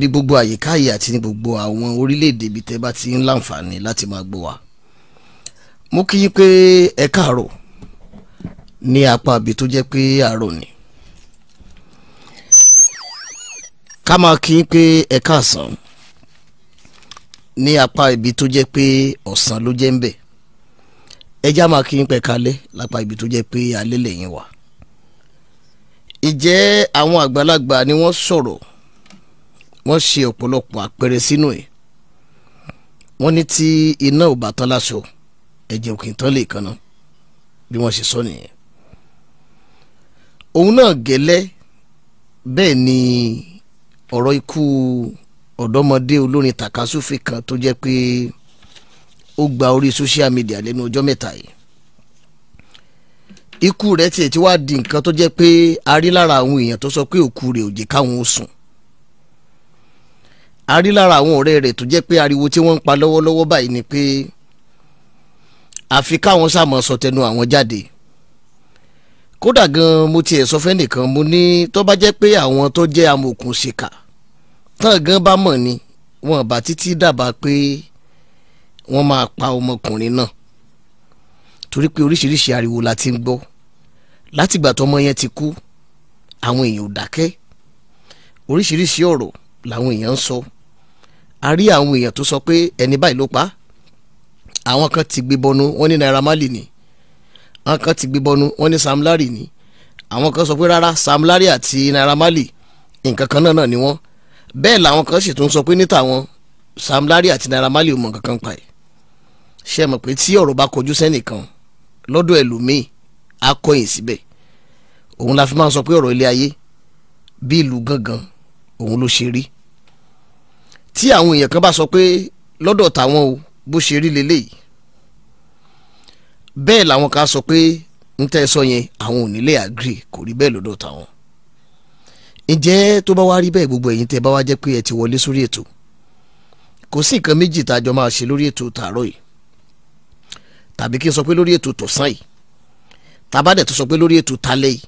ní gbogbo àyíká yìí àti ní gbogbo àwọn orílẹ̀-èdè ibi tẹ́ bá ti ń láǹfààní láti máa gbọ́ wa. mo kí yín pé ẹ káàárọ̀ ní apá ibi tó jẹ́ pé àárọ̀ ni. ká máa kí yín pé ẹ káàsán ní apá ibi tó jẹ́ pé ọ̀sán ló jẹ́ ń bẹ̀. ẹ máa kí yín pé kalẹ́ lápá ibi tó jẹ́ pé alẹ́ lẹ́yìn wà. ìjẹ́ àwọn àgbàlagbà ni wọ́n sọ̀rọ̀ wọ́n ṣe ọ̀pọ̀lọpọ̀ àpẹẹrẹ sínú ẹ̀ wọ́n ní tí iná ò bá tán láṣọ ẹ̀jẹ̀ òkè tán lè kanna bí wọ́n ṣe sọ nìyẹn òun náà gẹ́lẹ́ bẹ́ẹ̀ ni ọ̀rọ̀ ikú ọ̀dọ́mọdé olórin takasúfè kan tó jẹ́ pé ó gba orí social media lẹ́nu ọjọ́ mẹ́ta yìí ikú rẹ̀ tiẹ̀ ti wá di nǹkan tó jẹ́ pé a rí lára àwọn èèyàn tó sọ pé òkú rẹ̀ ò jẹ́ káwọn ó sùn a rí lára àwọn ọ̀rẹ́ rẹ̀ tó jẹ́ pé ariwo tí wọ́n ń pa lọ́wọ́lọ́wọ́ báyìí ni pé àfi káwọn sàmọ́ sọ tẹnu àwọn jáde kódà gan mo tiẹ̀ sọ fẹ́nìkan mo ní tó bá jẹ́ pé àwọn tó jẹ́ amòòkùn ṣìkà tán gan bá mọ̀ ni wọn bá títí dábàá pé wọ́n máa pa ọmọkùnrin náà torí pé oríṣiríṣi ariwo la ti ń gbọ́ látìgbà tọmọ yẹn ti kú àwọn èèyàn ò dákẹ́ oríṣiríṣi ọ̀rọ̀ làwọn èèyàn ń sọ. So a rí àwọn èèyàn tó sọ pé ẹni báyìí ló pa àwọn kan ti gbé bọnu wọ́n ní Naira Marley ni àwọn kan ti gbé bọnu wọ́n ní Sam Larry ni àwọn kan sọ pé rárá Sam Larry àti Naira Marley nǹkan kan náà ni wọ́n bẹ́ẹ̀ làwọn kan sì tún sọ pé ní tàwọn Sam Larry àti Naira Marley ò mọ̀ nǹkan pa ẹ̀ ṣe mọ̀ pé tí ọ̀rọ̀ bá kojú sẹ́nìkan lọ́dọ̀ ẹlòmíì á kọ̀yìn síbẹ̀ òun la fi máa ń sọ pé ọ̀rọ̀ ilé ayé bí ìlú gangan òun ló ṣe rí tí àwọn èèyàn kan bá sọ pé lọ́dọ̀ tàwọn o bó ṣe rí leléyìí bẹ́ẹ̀ làwọn kan sọ pé ń tẹ́ sọ yẹn àwọn ò nílé agree kò rí bẹ́ẹ̀ lọ́dọ̀ tàwọn ǹjẹ́ tó bá wá rí bẹ́ẹ̀ gbogbo ẹ̀yin tẹ́ bá wá jẹ́ pé ẹ ti wọlé sórí ètò kò sí nǹkan méjì tá máa ṣe lórí ètò tààrọ̀ yìí tàbí kí n sọ pé lórí ètò tọ̀sán yìí tàbá tó sọ pé lórí ètò talẹ́ yìí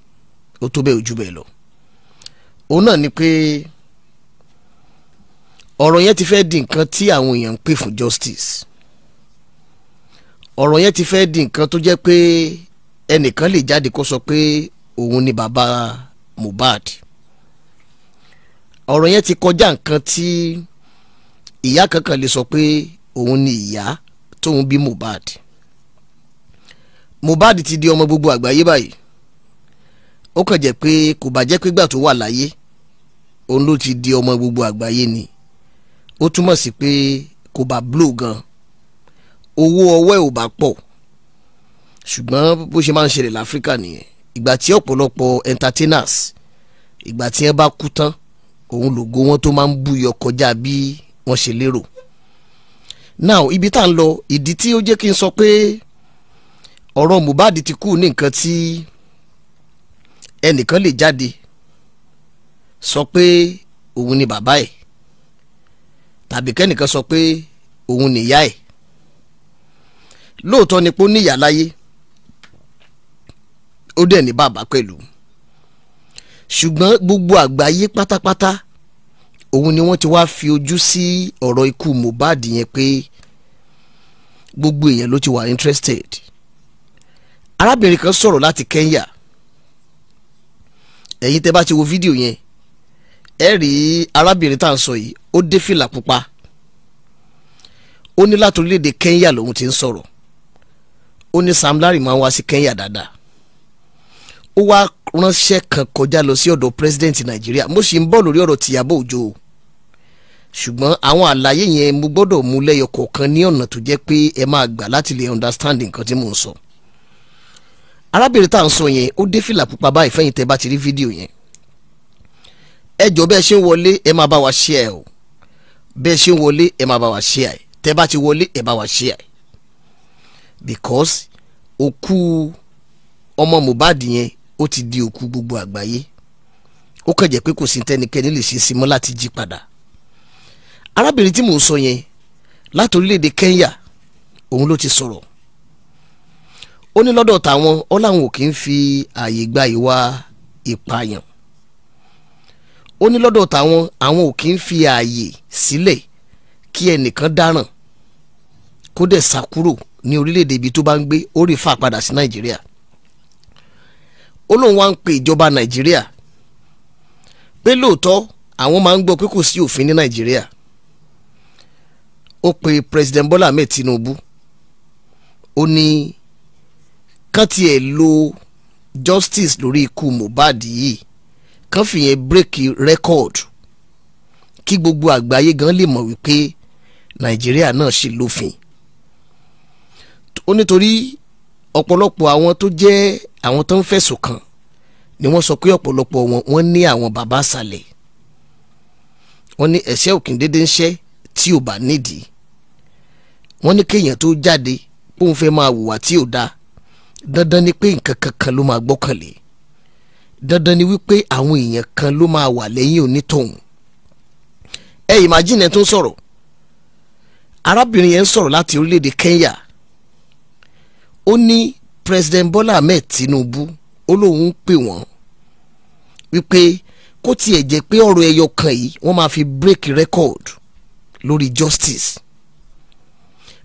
ó tó bẹ́ẹ̀ ojú bẹ́ẹ̀ lọ òun náà ni pé. Pe ọ̀rọ̀ yẹn ti fẹ́ di nǹkan tí àwọn èèyàn ń pè fún justice ọ̀rọ̀ yẹn ti fẹ́ di nǹkan tó jẹ́ pé ẹnìkan lè jáde kó sọ pé òun ni bàbá Mohbad ọ̀rọ̀ yẹn ti kọjá nǹkan tí ìyá kankan lè sọ pé òun ni ìyá tóun bí Mohbad Mohbad ti di ọmọ gbogbo àgbáyé báyìí ó kàn jẹ́ pé kò bá pé gbà tó wà láyé òun ló ti di ọmọ gbogbo àgbáyé ni ó túmọ̀ sí pé kò bá blow gan owó ọwọ́ ẹ̀ ò bá pọ̀ ṣùgbọ́n bó ṣe máa ń ṣẹlẹ̀ láfíríkà nìyẹn ìgbà tí ọ̀pọ̀lọpọ̀ entertainers ìgbà tí wọ́n bá kú tán òun lògo wọn tó máa ń búyọ kọjá bí wọ́n ṣe lérò now ibi tá à ń lọ ìdí tí ó jẹ́ kí n sọ pé ọ̀rọ̀ Mohbad ti kú ní nǹkan tí ẹnìkan lè jáde sọ pé òun ni bàbá ẹ̀ tàbí kẹ́nìkan sọ pé òun nìyá ẹ̀ lóòótọ́ ni pé ó níyà láyé ó dẹ̀ ní bàbá pẹ̀lú ṣùgbọ́n gbogbo àgbáyé pátápátá òun ni wọ́n ti wá fi ojú sí ọ̀rọ̀ ikú Mohbad yẹn pé gbogbo èèyàn ló ti wà interested arábìnrin kan sọ̀rọ̀ láti Kenya ẹ̀yin tẹ́ bá ti wo fídíò yẹn ẹ rí arábìnrin tá à ń sọ yìí ó dé fìlà pupa ó ní láti orílẹ̀-èdè Kenya lòun ti ń sọ̀rọ̀ ó ní Sam Larry máa ń wá sí Kenya dáadáa ó wá ránṣẹ́ kan kọjá lọ sí ọ̀dọ̀ president Nàìjíríà mo sì ń bọ̀ lórí ọ̀rọ̀ tìyàbọ̀ òjò o ṣùgbọ́n àwọn àlàyé yẹn mo gbọ́dọ̀ mú lẹ́yọ kọ̀ọ̀kan ní ọ̀nà tó jẹ́ pé ẹ máa gbà láti lè understand nǹkan tí mò ń sọ arábìnrin tá à ń sọ yẹn ó dé fìlà pupa báyìí fẹ́yìntẹ́ bá ti rí fídíò yẹn ẹ jọ bẹ́ẹ̀ ṣe ń wọlé ẹ máa bá wa share o bẹ́ẹ̀ ṣe ń wọlé ẹ máa bá wa share tẹ́ bá ti wọlé ẹ bá wa share because òkú ọmọ Mohbad yẹn ó ti di òkú gbogbo àgbáyé ó kàn jẹ́ pé kò sí tẹ́nikẹ́ni lè ṣe símọ́ láti jí padà arábìnrin tí mò ń sọ yẹn láti orílẹ̀-èdè Kenya òun ló ti sọ̀rọ̀ ó ní lọ́dọ̀ tàwọn ó ò kì í fi ààyè gba ìwà ìpààyàn ó ní lọ́dọ̀ tàwọn àwọn ò kì í fi ààyè sílẹ̀ kí ẹnìkan dáràn kó dẹ̀ sá kúrò ní orílẹ̀-èdè ibi tó bá ń gbé ó rí fà padà sí nàìjíríà ó lóun wá ń pe ìjọba nàìjíríà pé lóòótọ́ àwọn máa ń gbọ́ pé kò sí òfin ní nàìjíríà ó pe president Bola Ahmed Tinubu ó ní kán tiẹ̀ lo justice lórí ikú Mohbad yìí kán fìyẹn bírèkì rẹ́kọ̀dù kí gbogbo àgbáyé gan lè mọ̀ wípé nàìjíríà náà ṣì lófin ó nítorí ọ̀pọ̀lọpọ̀ àwọn tó jẹ́ àwọn tó ń fẹ̀sùn kàn ni wọ́n sọ pé ọ̀pọ̀lọpọ̀ wọn wọ́n ní àwọn bàbá àsàlẹ̀ wọ́n ní ẹ̀ṣẹ̀ òkín déédéé ń ṣẹ́ tí ò bá nídìí wọ́n ní kéèyàn tó jáde bóun fẹ́ máa hùwà tí ò dáa dandan ni pé nǹkan kankan ló máa gbọ́kànlé dandan ni wípé àwọn èèyàn kan ló máa wà lẹ́yìn onítọ̀hún ẹ imagine ẹ tó ń sọ̀rọ̀ arábìnrin yẹn ń sọ̀rọ̀ láti orílẹ̀-èdè Kenya ó ní President Bola Ahmed Tinubu ó lóun ń pè wọ́n wípé kó tiẹ̀ jẹ́ pé ọ̀rọ̀ ẹyọ yìí wọ́n máa fi break record lórí justice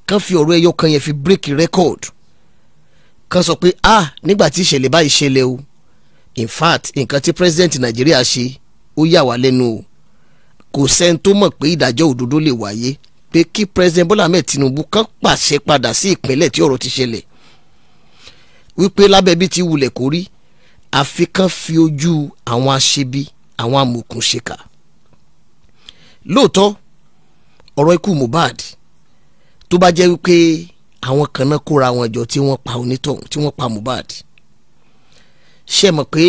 kan fi ọ̀rọ̀ ẹyọ kan yẹn fi break record kan sọ pé ah nígbà tí ìṣẹ̀lẹ̀ báyìí ṣẹlẹ̀ o in fact nǹkan tí president nàìjíríà ṣe ó yà wá lẹ́nu o kò sẹ́ni tó mọ̀ pé ìdájọ́ òdodo lè wáyé pé kí president Bọ́lá Ahmed Tinubu kan pàṣẹ padà sí ìpínlẹ̀ tí ọ̀rọ̀ ti ṣẹlẹ̀ wípé lábẹ́ bí ti wulẹ̀ kórí àfi kan fi ojú àwọn aṣebi àwọn amòòkùnṣèkà lóòótọ́ ọ̀rọ̀ ikú Mohbad tó bá jẹ́ wípé àwọn kan náà kóra wọn jọ tí wọ́n pa onítọ̀hún tí wọ́n pa Mohbad ṣe mọ̀ pé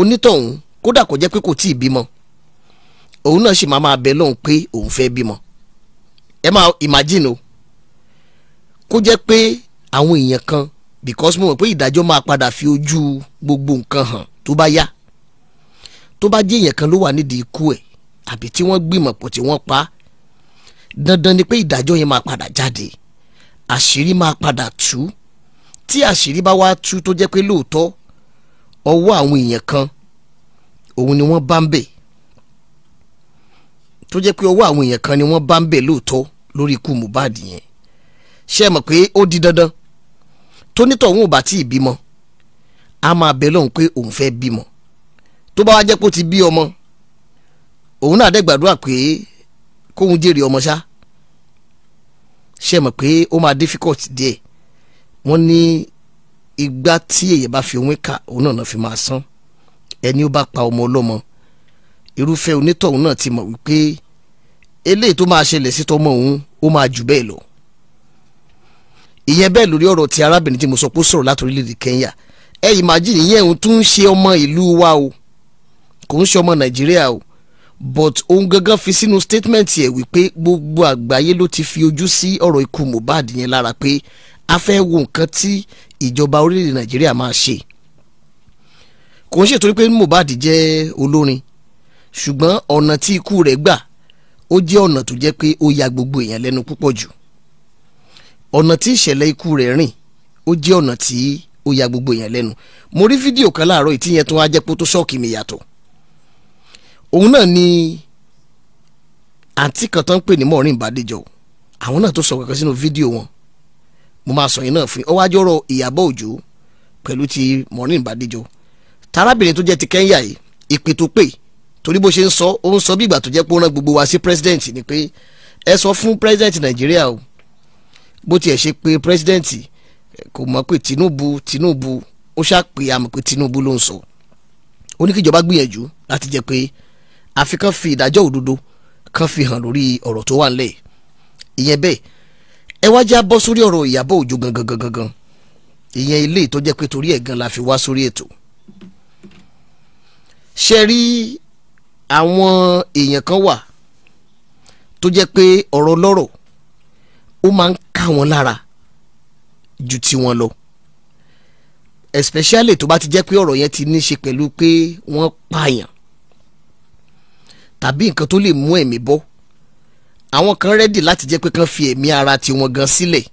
onítọ̀hún kódà kò jẹ́ pé kò tíì bímọ òun náà sì máa máa bẹ lóhùn pé òun fẹ́ bímọ ẹ máa imagine o kó jẹ́ pé àwọn èèyàn kan because mo mọ̀ pé ìdájọ́ máa padà fi ojú gbogbo nǹkan hàn tó bá yá tó bá jẹ́ èèyàn kan ló wà nídìí ikú ẹ̀ àbí tí wọ́n gbìmọ̀ pọ̀ tí wọ́n pa dandan ni pé ìdájọ́ yẹn máa padà jáde àṣírí máa padà tú tí àṣírí bá wá tú tó jẹ́ pé lóòótọ́ ọwọ́ àwọn èèyàn kan òun ni wọ́n bá ń bẹ̀ tó jẹ́ pé ọwọ́ àwọn èèyàn kan ni wọ́n bá ń bẹ̀ lóòótọ́ lórí ikú Mohbad yẹn ṣe mọ̀ pé ó di dandan tónítọ̀hún ò bá tí ì bímọ a máa bẹ lọ́hùn pé òun fẹ́ bímọ tó bá wá jẹ́ kó ti bí ọmọ òun náà dẹ̀ pé kóun jèrè ọmọ ṣá ṣe mọ̀ pé ó máa difficult díẹ̀ wọ́n ní ìgbà tí èyàn bá fi òun kà òun náà fi máa san ẹni ó bá pa ọmọ ọlọ́mọ irúfẹ́ onítọ̀hún náà ti mọ̀ wípé eléyìí tó máa ṣẹlẹ̀ sí tọmọ òun ó máa jù bẹ́ẹ̀ lọ ìyẹn bẹ́ẹ̀ lórí ọ̀rọ̀ ti arábìnrin tí mo sọ pé ó sọ̀rọ̀ láti orílẹ̀-èdè Kenya ẹ imagine ìyẹn òun tún ń ṣe ọmọ ìlú wa o kò ń ṣe ọmọ Nàìjíríà o but òun gangan fi sínú statement yẹ wípé gbogbo àgbáyé ló ti fi ojú sí ọ̀rọ̀ ikú Mohbad yẹn lára pé a fẹ́ wo nǹkan tí ìjọba orílẹ̀-èdè nàìjíríà máa ṣe kò ń ṣètò pé Mohbad jẹ́ olórin ṣùgbọ́n ọ̀nà tí ikú rẹ̀ gbà ó jẹ́ ọ̀nà tó jẹ́ pé ó ya gbogbo èèyàn lẹ́nu púpọ̀ jù ọ̀nà tí ìṣẹ̀lẹ̀ ikú rẹ̀ rìn ó jẹ́ ọ̀nà tí ó ya gbogbo èèyàn lẹ́nu mo rí fídíò kan láàárọ̀ ìtí yẹn tó wá jẹ́ pé ó tó ṣọ́ọ̀kì mi yàtọ̀ òun náà ni àǹtí kan tó ń pè ní mọ̀ọ́rìn ìbàdíjọ àwọn náà tó sọ kankan sínú fídíò wọn mo máa sọ yín náà fún yín ó wá jọ̀rọ̀ Ìyábọ̀ Òjó pẹ̀lú ti Maureen Bàdéjọ tarábìnrin tó jẹ́ ti Kẹ́ńyà yìí ìpè tó pè torí bó ṣe ń sọ ó ń sọ bí ìgbà tó jẹ́ pé ó rán gbogbo wa sí president ni pé ẹ sọ fún president Nàìjíríà o bó tiẹ̀ ṣe pé president kò mọ̀ pé Tinubu Tinubu ó ṣàpè àmọ̀ pé Tinubu ló ń sọ ó ní kíjọba gbìyànjú láti jẹ́ pé àfikàn fi ìdájọ́ òdodo kan fi hàn lórí ọ̀rọ̀ tó wà ńlẹ̀ ìyẹn bẹ́ẹ̀ ẹ wá já bọ́ sórí ọ̀rọ̀ Ìyábọ̀ Òjó gangan gangan gangan ìyẹn ilé tó jẹ́ pé torí ẹ̀ gan la fi wá sórí ètò ṣe rí àwọn èèyàn kan wà tó jẹ́ pé ọ̀rọ̀ lọ́rọ̀ ó máa ń ká wọn lára ju tiwọn lọ especially tó bá ti jẹ́ pé ọ̀rọ̀ yẹn ti ní ṣe pẹ̀lú pé wọ́n pààyàn tàbí nǹkan tó lè mú ẹ̀mí bọ́ àwọn kan rẹ́dì láti jẹ́ pé kán fi ẹ̀mí ara tiwọn gan sílẹ̀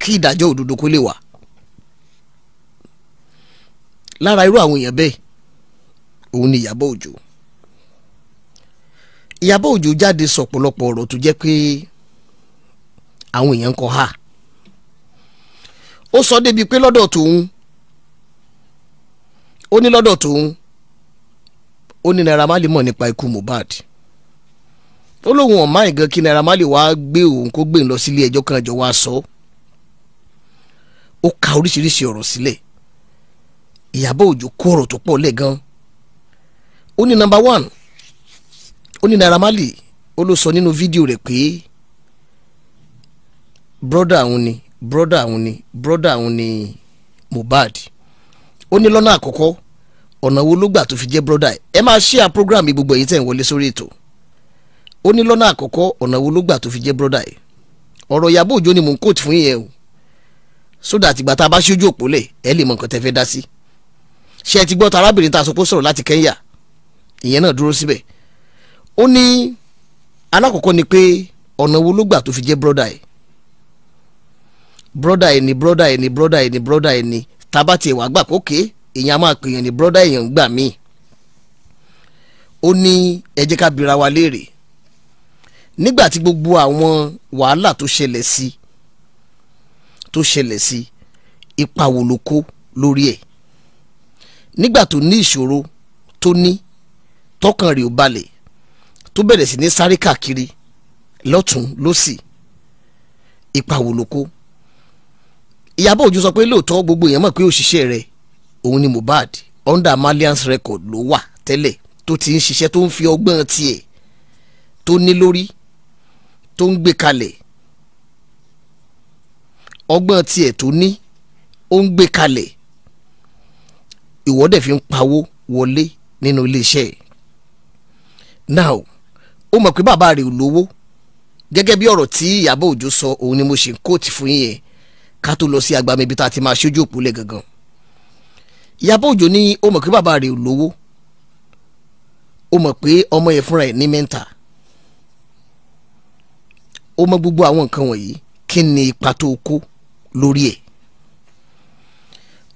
kí ìdájọ́ òdodo kó lè wà lára irú àwọn èèyàn bẹ́ẹ̀ òun ni Ìyábọ̀ Òjó Ìyábọ̀ Òjó jáde sọ̀pọ̀lọpọ̀ ọ̀rọ̀ tó jẹ́ pé àwọn èèyàn ń kọ́ ha ó sọ débi pé lọ́dọ̀ tòun ó ní lọ́dọ̀ tòun ó ní Naira Marley mọ̀ nípa ikú Mohbad ó lóun ọ̀ma ìgan kí Naira Marley wá gbé òun kó gbé ń lọ sílé ẹjọ́ kan àjọ wa sọ ó ka oríṣiríṣi ọ̀rọ̀ sílẹ̀ Ìyábọ̀ Òjó kó ọ̀rọ̀ tó pọ̀ lẹ̀ gan ó ní number one ó ní Naira Marley ó ló sọ nínú fídíò rẹ̀ pé broda àwọn ni broda àwọn ni broda àwọn ni Mohbad ó ní lọ́nà àkọ́kọ́ ọ̀nà wo ló gbà tó fi jẹ́ broda ẹ̀ ẹ máa ṣíà program gbogbo èyí tẹ̀ ń wọlé sórí ètò ó ní lọ́nà àkọ́kọ́ ọ̀nà wo ló gbà tó fi jẹ́ brọ́dà yìí ọ̀rọ̀ Ìyábọ̀ Òjó ni mò ń kóòtù fún yẹn o sódà àtìgbà tá a bá ṣojú òpó lẹ̀ ẹ lè mọ nǹkan tẹ́ fẹ́ dá sí ṣé ẹ ti gbọ́ ta arábìnrin tá a sọ̀rọ̀ láti Kẹ́ńyà ìyẹn náà dúró síbẹ̀ ó ní alákọ̀ọ́kọ́ ni pé ọ̀nà wo ló gbà tó fi jẹ́ brọ́dà yìí brọ́dà yìí ni brọ́dà yìí ni brọ́dà yìí ni brọ́dà yìí ni tá bá tiẹ̀ wá gbà kókè èèyàn máa pè yàn ní brọ́dà èèyàn gbà míì ó ní ẹ jẹ́ ká bira léèrè nígbà tí gbogbo àwọn wàhálà tó ṣẹlẹ̀ sí tó ṣẹlẹ̀ sí ipa wo ló kó lórí ẹ̀ nígbà tó ní ìṣòro tó ní tọkàn rẹ̀ ò balẹ̀ tó bẹ̀rẹ̀ sí ní sáré káàkiri lọ́tún lọ́sì ipa wo ló kó Ìyábọ̀ Òjó sọ pé lóòótọ́ gbogbo èèyàn mọ̀ pé òṣìṣẹ́ rẹ̀ òun ni Mohbad under Malian's record ló wà tẹ́lẹ̀ tó ti ń ṣiṣẹ́ tó ń fi ọgbọ́n tiẹ̀ tó ní lórí tó ń gbé kalẹ̀ ọgbọ́n tiẹ̀ tó ní ó ń gbé kalẹ̀ ìwọ dẹ̀ fi ń pawó wọlé nínú iléeṣẹ́ ẹ̀ now ó mọ̀ pé bàbá rẹ̀ ò lówó gẹ́gẹ́ bí ọ̀rọ̀ tí Ìyábọ̀ Òjó sọ òun ni mo ṣe ń kóòtì fún yín yẹn ká tó lọ sí agbami ibi tá a ti máa ṣojú òpólẹ̀ gangan Ìyábọ̀ Òjó ní ó mọ̀ pé bàbá rẹ̀ ò lówó ó mọ̀ pé ọmọ yẹn fúnra ẹ̀ ní mẹ́ńtà ó mọ gbogbo àwọn nǹkan wọ̀nyí kí ni ipa tó kó lórí ẹ̀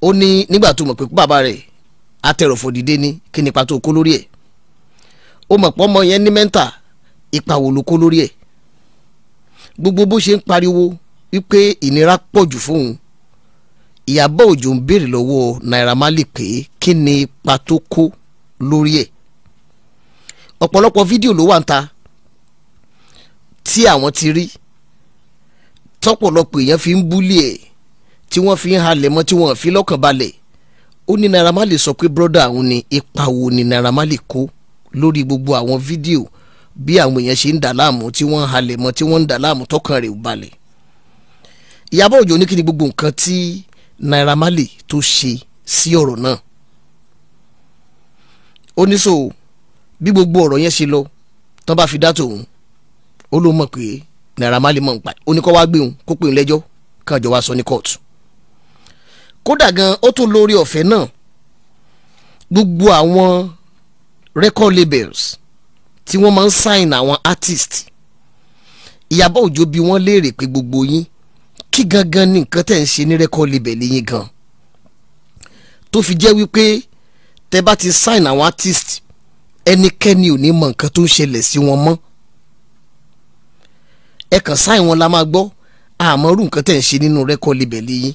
ó ní nígbà tó mọ̀ pé bàbá rẹ̀ atẹ̀rọ̀fọ̀ dìde ní kí ni ipa tó kó lórí ẹ̀ ó mọ̀ pọ́ ọmọ yẹn ní mẹ́ńtà ipa wo ló kó lórí ẹ̀ gbogbo bó ṣe ń pariwo wípé ìnira pọ̀ jù fóun Ìyábọ̀ Òjó ń béèrè lọ́wọ́ Naira Marley pé kí ni ipa tó kó lórí ẹ̀ ọ̀pọ̀lọpọ̀ fídíò ló wà ń ta tí àwọn ti rí tọ́pọ̀lọpọ̀ èèyàn fi ń búlì ẹ̀ tí wọ́n fi ń halẹ̀ mọ́ tí wọ́n fi lọ́kàn balẹ̀ ó ní Naira Marley sọ pé brọ́dà àwọn ni ipa wo ni Naira Marley kó lórí gbogbo àwọn fídíò bí àwọn èèyàn ṣe ń dà láàmú tí wọ́n ń halẹ̀ mọ́ tí wọ́n ń dà láàmú tọkàn rẹ̀ ò balẹ̀ Ìyábọ̀ Òjó ní kí ni gbogbo nǹkan tí Naira Marley tó ṣe sí ọ̀rọ̀ náà ó so bí gbogbo ọ̀rọ̀ yẹn ṣe lọ tán bá fi dá tòun ó ló mọ̀ pé Naira Marley mọ̀ ń pa ó ní kó wá gbé òun kó pè òun lẹ́jọ́ kàn wá sọ ní kóòtù kódà gan ó tún lórí ọ̀fẹ́ náà gbogbo àwọn record labels tí wọ́n máa ń sign àwọn artist Ìyábọ̀ Òjó bí wọ́n léèrè pé gbogbo yín kí gangan ni nǹkan tẹ̀ ń ṣe ní record label yín gan tó fi jẹ́ wípé tẹ bá ti sign àwọn artist ẹnikẹ́ni ò ní mọ nǹkan tó ń ṣẹlẹ̀ sí wọn mọ́ ẹ kàn sáìn wọn la máa gbọ́ àmọ́ irú nǹkan tẹ̀ ń ṣe nínú rẹ́kọ̀ọ́ libẹ̀ lẹ́yìn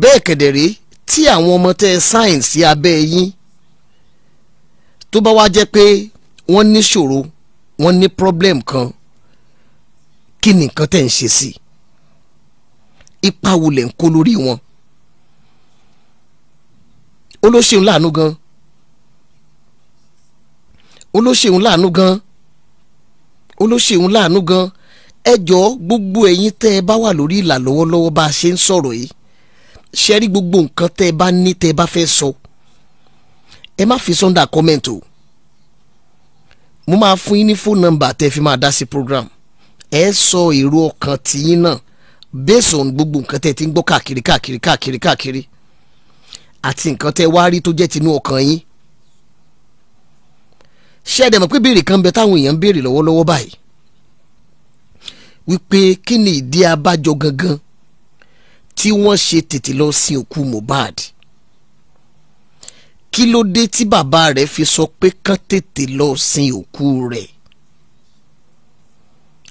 bẹ́ẹ̀ kẹ̀dẹ̀rẹ́ tí àwọn ọmọ tẹ́ ẹ sí abẹ́ yín tó bá wá jẹ́ pé wọ́n ní ṣòro wọ́n ní problem kan kí ni nǹkan tẹ̀ ń ṣe sí ipa wo lẹ̀ ń kó lórí wọn olóṣèlú láàánú gan olóṣèlú láàánú gan ó ló ṣeun láàánú gan ẹ jọ gbogbo ẹ̀yin tẹ́ ẹ bá wà lórí ìlà lọ́wọ́lọ́wọ́ bá a ṣe ń sọ̀rọ̀ yìí ṣe rí gbogbo nǹkan tẹ́ ẹ bá ní tẹ́ ẹ bá fẹ́ sọ ẹ má fi sọ́ndà kọ́mẹ̀ntì o mo máa fún yín ní fóònù nọ́mbà tẹ́ ẹ fi máa dá sí program ẹ sọ èrò ọkàn tìyín náà based on gbogbo nǹkan tẹ́ ẹ ti ń gbọ́ káàkiri káàkiri káàkiri káàkiri àti nǹkan tẹ́ ẹ wá rí tó jẹ́ tinú ọkàn yín ṣé ẹ dẹ̀ mọ̀ pé béèrè kan bẹ táwọn èèyàn ń béèrè lọ́wọ́lọ́wọ́ báyìí wípé kí ni ìdí abájọ gangan tí wọ́n ṣe tètè lọ sin òkú Mohbad kí ló dé tí bàbá rẹ̀ fi sọ pé kán tètè lọ sin òkú rẹ̀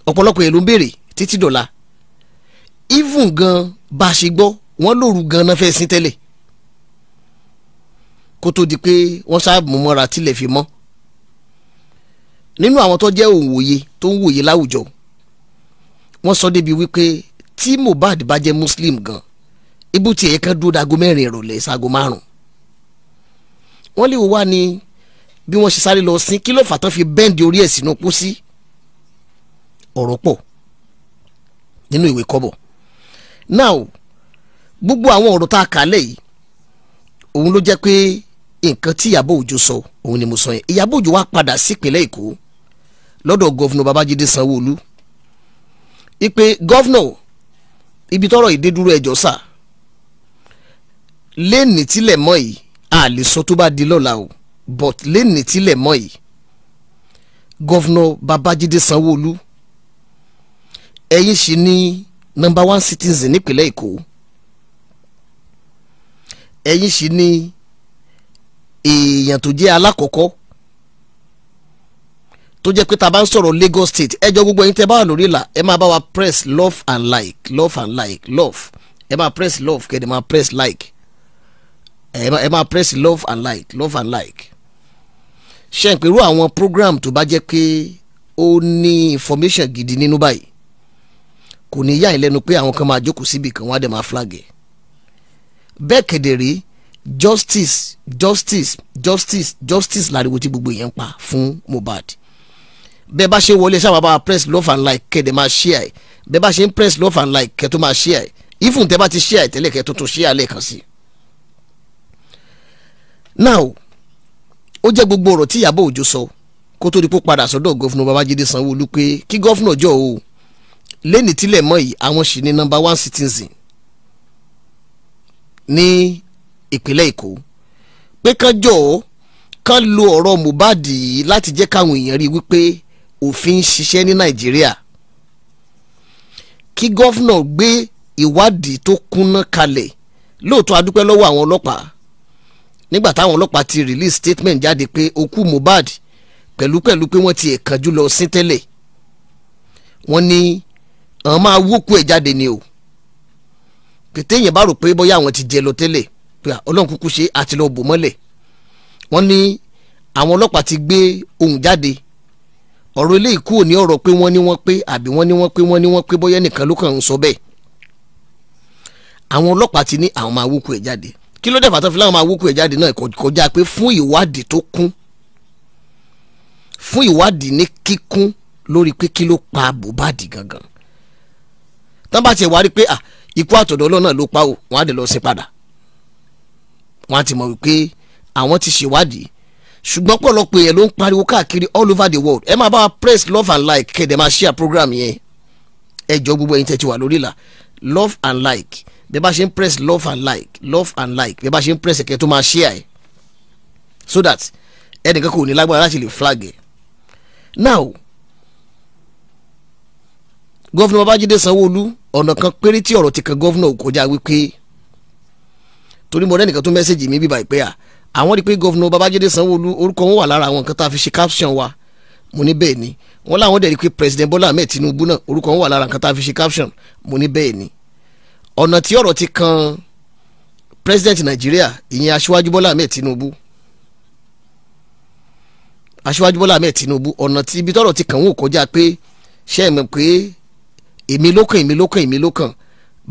ọ̀pọ̀lọpọ̀ èèyàn ló ń béèrè títí dọ̀la even gan bá a ṣe gbọ́ wọ́n lóru gan náà fẹ́ sin tẹ́lẹ̀ kó tó di pé wọ́n ṣáà mú mọ́ra tilẹ̀ fi mọ́ nínú àwọn tó jẹ́ òǹwòye tó ń wòye láwùjọ wọ́n sọ débi wípé tí Mohbad bá jẹ́ muslim gan ibú tí ẹ̀yẹ kan dúró dago mẹ́rin ìrọ̀lẹ́ sago márùn wọ́n lè wá ní bí wọ́n ṣe sáré lọ sí kí ló fà tán fi bẹ́ǹdì orí ẹ̀ sínú kú sí ọ̀rọ̀ pọ̀ nínú ìwé kọ́bọ̀ now gbogbo àwọn ọ̀rọ̀ tá a kà lẹ́yìn òun ló jẹ́ pé nǹkan tí Ìyábọ̀ Òjó sọ òun ni mo sọ yẹn Ìyábọ̀ Òjó wá padà sípínlẹ̀ Èkó lọ́dọ̀ gọ́fúnà babájídé sanwóolu ipe gọ́fúnà ibi tọ́rọ̀ ìdédúró ẹjọ́ sà lẹ́ẹ̀ni tílẹ̀ mọ́ yìí a lè sọ tó bá di lọ́la o but lẹ́ẹ̀ni tílẹ̀ mọ́ yìí gọ́fúnà babájídé sanwóolu ẹ̀yin sì ni number one citizen nípínlẹ̀ èkó ẹ̀yin sì ni èèyàn tó jẹ́ alákọ̀ọ́kọ́ tó jẹ́ pé ta ń sọ̀rọ̀ Lagos State ẹjọ́ gbogbo ẹ̀yin tẹ́ bá wà lórí ìlà ẹ máa bá wa press love and like love and like love ẹ máa press love kẹ́ni máa press like ẹ máa press love and like love and like ṣe ń pẹ̀lú àwọn program tó bá jẹ́ pé ó ní information gidi nínú báyìí kò ní yà ìlẹ́nu pé àwọn kan máa jókòó síbi kan wọ́n á máa flag bẹ́ẹ̀ kẹ̀dẹ̀ justice justice justice justice láriwo tí gbogbo èèyàn pa fún Mohbad bẹ́ẹ̀ bá ṣe wọlé sábà bá press love and like kẹ́ ẹ̀ máa share ẹ̀ bẹ́ẹ̀ bá ṣe ń press love and like kẹ́ tó máa share ẹ̀ ifun tẹ́ bá ti share ẹ̀ tẹ́lẹ̀ kẹ́ tó tún share lẹ́ẹ̀kan sí. now ó jẹ́ gbogbo ọ̀rọ̀ tí Ìyábọ̀ Òjó sọ kó tó di pó padà sọ́dọ̀ gọ́fúnà Babájídé Sanwó-Olú pé kí gọ́fúnà jọ o lẹ́ni tílẹ̀ mọ́ yìí àwọn sì ni number one citizen ní ìpínlẹ̀ Èkó pé kán jọ kán lo ọ̀rọ̀ Mohbad láti jẹ́ káwọn èèyàn rí wípé òfin ṣiṣẹ́ ní nàìjíríà kí gọ́fúnà gbé ìwádìí tó kúnná kalẹ̀ lóòótọ́ adúpẹ́ lọ́wọ́ àwọn ọlọ́pàá nígbà táwọn ọlọ́pàá ti release statement jáde pé òkú Mohbad pẹ̀lúpẹ̀lú pé wọ́n ti ẹ̀kanjú lọ sí tẹ́lẹ̀ wọ́n ní àwọn máa wókú ẹ̀ jáde ni o pété èèyàn bá rò pé bóyá àwọn ti jẹ lọ tẹ́lẹ̀ pé ọlọ́run kúkú ṣe àti lọ bò mọ́lẹ̀ wọ́n ní àwọn ọlọ́pàá ti gbé ohun jáde ọ̀rọ̀ eléyìí kúrò ní ọ̀rọ̀ pé wọ́n ní wọ́n pé àbí wọ́n ní wọ́n pé wọ́n ní wọ́n pé bóyá nìkan ló kàn ń sọ bẹ́ẹ̀ àwọn ọlọ́pàá ti ní àwọn máa wúkú ẹ̀ jáde kí ló dé fàtọ́ fi láwọn máa wúkú ẹ̀ jáde náà kọjá pé fún ìwádìí tó kún fún ìwádìí ní kíkún lórí pé kí ló pa Mohbad gangan tán bá tiẹ̀ wá rí pé ikú àtọ̀dọ̀ ọlọ́nà ló pa ò wọ́n á dẹ̀ lọ sí padà wọ́n á ti mọ̀ wípé àwọn ti ṣèwádìí ṣùgbọ́n pọ̀lọpọ̀ èèyàn ló ń pariwo káàkiri all over the world ẹ máa bá wa press love and like kẹ̀dẹ̀ máa share program yẹn ẹ jọ gbogbo ẹ̀yin tẹ̀tí wà lórí là love and like bẹ́ẹ̀ bá ṣe ń press love and like love and like bẹ́ẹ̀ bá ṣe ń press ẹ̀kẹ́ tó máa share ẹ̀ so that ẹnìkan kò ní lágbára láti lè flag ẹ̀ now gọ́fìnà babájídé sanwó-olú ọ̀nà kan péré tí ọ̀rọ̀ ti kan gọ́fìnà kọjá wípé torí mo rẹ́nìkan tó mẹ́sẹ̀gì mi bíbá ìpè à àwọn rí i pé gọ́vnà babájídé sanwóolu orúkọ wọn wà lára àwọn nǹkan tá a fi ṣe caption wa mo ní bẹ́ẹ̀ ni wọ́n láwọn dẹ̀ rí i pé president Bọ́lá Ahmed Tinubu náà orúkọ wọn wà lára nǹkan tá a fi ṣe caption mo ní bẹ́ẹ̀ ni ọ̀nà tí ọ̀rọ̀ ti kan president Nàìjíríà ìyẹn aṣíwájú Bọ́lá Ahmed Tinubu aṣíwájú Bọ́lá Ahmed Tinubu ọ̀nà tí ibi tọ́rọ̀ ti kàn wọ́n kọjá pé ṣé ẹ̀ mọ̀ pé èmi ló kàn èmi ló kàn èmi ló kàn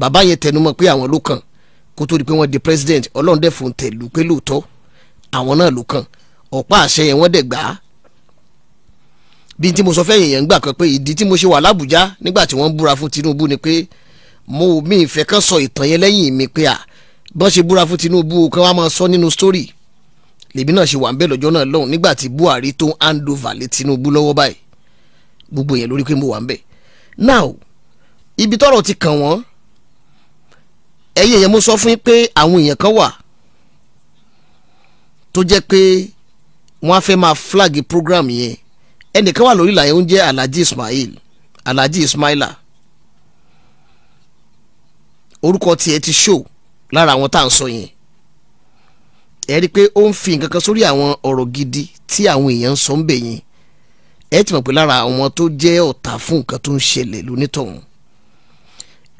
bàbá yẹn tẹnumọ́ pé àwọn ló kàn kó tó di pé wọ́n di president ọlọ́run dẹ̀ fòun tẹ̀lú pé lóòótọ́ àwọn náà ló kàn ọ̀pá àṣẹ wọn dẹ̀ gbà á bí tí mo sọ fẹ́yìn yẹn ń gbà kan pé ìdí tí mo ṣe wà lábùjá nígbà tí wọ́n búra fún Tinubu ni pé mo mi ìfẹ́ kan sọ ìtàn yẹn lẹ́yìn mi pé à bọ́n ṣe búra fún Tinubu kan wá máa sọ nínú story lèmi náà ṣe wà ń bẹ̀ lọ́jọ́ náà lọ́hùn nígbà tí Buhari tó ń hand over lé Tinubu lọ́wọ́ báyìí gbogbo yẹn lórí pé mo wà ń bẹ̀ now ibi tọ́rọ̀ ti kàn wọ́n ẹ̀yin yẹn mo sọ fún yín pé àwọn èèyàn kan wà tó jẹ́ pé wọ́n á fẹ́ máa flag program yẹn ẹnìkan wà lórí ìlà yẹn ó ń jẹ́ Alhaji Ismail Alhaji Ismaila orúkọ tiẹ̀ ti show lára àwọn tá à ń sọ yẹn ẹ rí i pé ó ń fi nǹkan kan sórí àwọn ọ̀rọ̀ gidi tí àwọn èèyàn ń sọ ń bẹ̀ yẹn ẹ ti mọ̀ pé lára àwọn tó jẹ́ ọ̀tá fún nǹkan tó ń ṣẹlẹ̀ lónítọ̀hún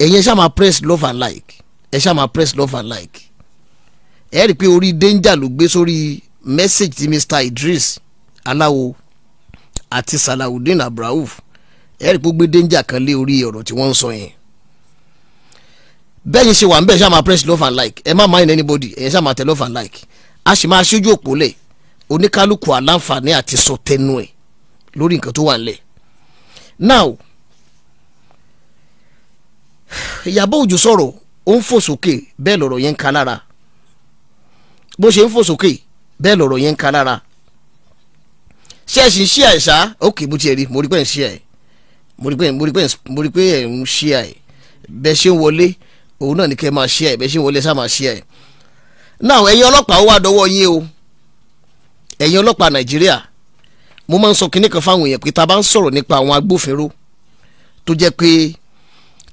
ẹ̀yin ẹ ṣáà máa press love and like ẹ ṣáà máa press love and like ẹ rí i pé orí danger ló gbé sórí message ti Mr Idris aláwo àti Salawudeen Abraouf ẹ rí i pé ó gbé danger kan lé orí ọ̀rọ̀ tí wọ́n ń sọ yẹn bẹ́ẹ̀ yìí ṣe wà ń bẹ́ẹ̀ ṣáà máa press love and like ẹ má mind anybody ẹ̀yẹ ṣáà máa tẹ love and like a sì máa ṣojú òpó lẹ̀ oníkálukú aláǹfààní àti sọ tẹnu ẹ̀ lórí nǹkan tó wà ńlẹ̀ now Ìyábọ̀ Òjó sọ̀rọ̀ ó ń fò sókè bẹ́ẹ̀ lọ̀rọ̀ yẹn ń ka lára bó ṣe ń fò sókè bẹ́ẹ̀ lọ̀rọ̀ yẹn ń ka lára ṣé ẹ sì ń ṣí àìsá ok bó ti ẹ̀ rí mo rí pé ń ṣí àì mo rí pé mo rí pé ẹ̀ ń ṣí àì bẹ́ẹ̀ ṣe ń wọlé òun náà ní kẹ́ máa ṣí àì bẹ́ẹ̀ ṣe ń wọlé sá máa ṣí àì náà ẹ̀yin ọlọ́pàá wà dọ́wọ́ yín o ẹ̀yin ọlọ́pàá nàìjíríà mo máa ń sọ kinní kan fáwọn èèyàn pé tá a bá ń sọ̀rọ̀ nípa àwọn agbófinró tó jẹ́ pé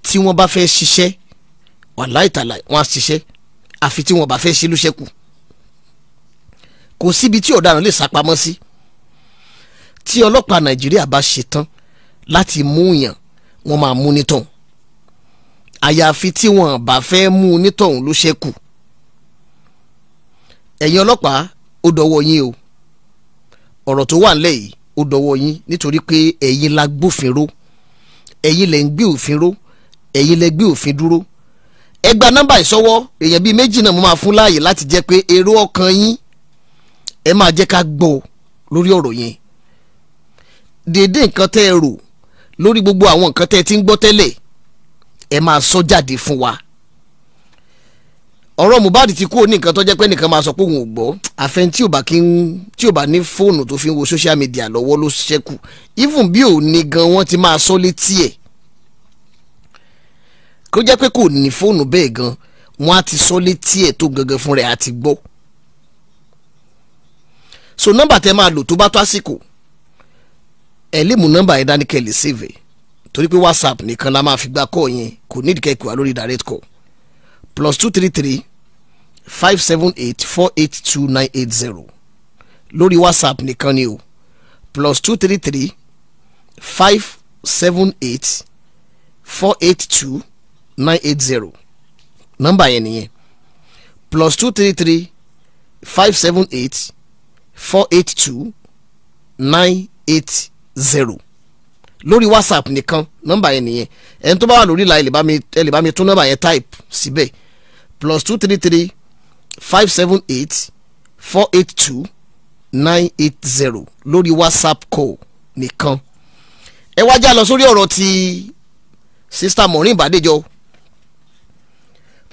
tí wọ́n bá fẹ́ ṣiṣẹ́ wàláìtàlà wọ́n á ṣiṣẹ́ àfi tí wọ́n bá fẹ́ ṣe lóṣẹ́kù kò síbi tí ọ̀daràn lè sápamọ́ sí tí ọlọ́pàá nàìjíríà bá ṣetán láti mú yàn wọ́n máa mú nítọ̀hún àyàfi tí wọ́n bá fẹ́ mú nítọ̀hún ló ṣẹ́kù ẹ̀yin ọlọ́pàá ó dọwọ́ yín o ọ̀rọ̀ tó wà ńlẹ̀ yìí ó dọwọ́ yín nítorí pé ẹ̀yin la gbófinró ẹ̀yin lẹ̀ ń gbé òfin ró ẹ̀yin lẹ̀ gbé òfin dúró ẹ gba nọ́mbà èèyàn bíi méjì náà mo máa fún láàyè láti jẹ́ pé èrò ọkàn yín ẹ máa jẹ́ ká gbọ́ lórí ọ̀rọ̀ yẹn dédé nǹkan tẹ́ ẹ rò lórí gbogbo àwọn nǹkan tẹ́ ẹ ti ń gbọ́ tẹ́lẹ̀ ẹ máa sọ jáde fún wa ọ̀rọ̀ Mohbad ti kúrò ní nǹkan tó jẹ́ pé nìkan máa sọ pé òun ò gbọ́ àfẹn tí ò bá kí ń tí ò bá ní fóònù tó fi ń wo social media lọ́wọ́ ló ṣẹ́kù even bí ò ní gan wọ́n ti máa sọ létí ẹ̀ kó jẹ́ pé kò ní fóònù bẹ́ẹ̀ gan wọ́n á ti sọ létí ẹ̀ tó gangan fún rẹ̀ á gbọ́ so nọ́mbà tẹ máa lò tó bá tó àsìkò ẹ lè mú nọ́mbà yẹn dání kẹ́ save torí pé whatsapp nìkan la máa fi gba kọ́ yẹn kò ní ìdíkẹ́ ìpè lórí direct call plus two three three five seven eight four eight two nine eight zero lórí whatsapp nìkan ni o plus two three three five seven eight four eight two nine eight zero nọ́mbà yẹn nìyẹn plus two three three five seven eight four eight two nine eight zero lórí whatsapp nìkan nọ́mbà yẹn nìyẹn ẹni tó bá wà lórí la lè bá mi tún nọ́mbà yẹn type síbẹ̀ plus two three three five seven eight four eight two nine eight zero lórí whatsapp call nìkan ẹ wá já lọ sórí ọ̀rọ̀ ti sista Maureen Bàdéjọ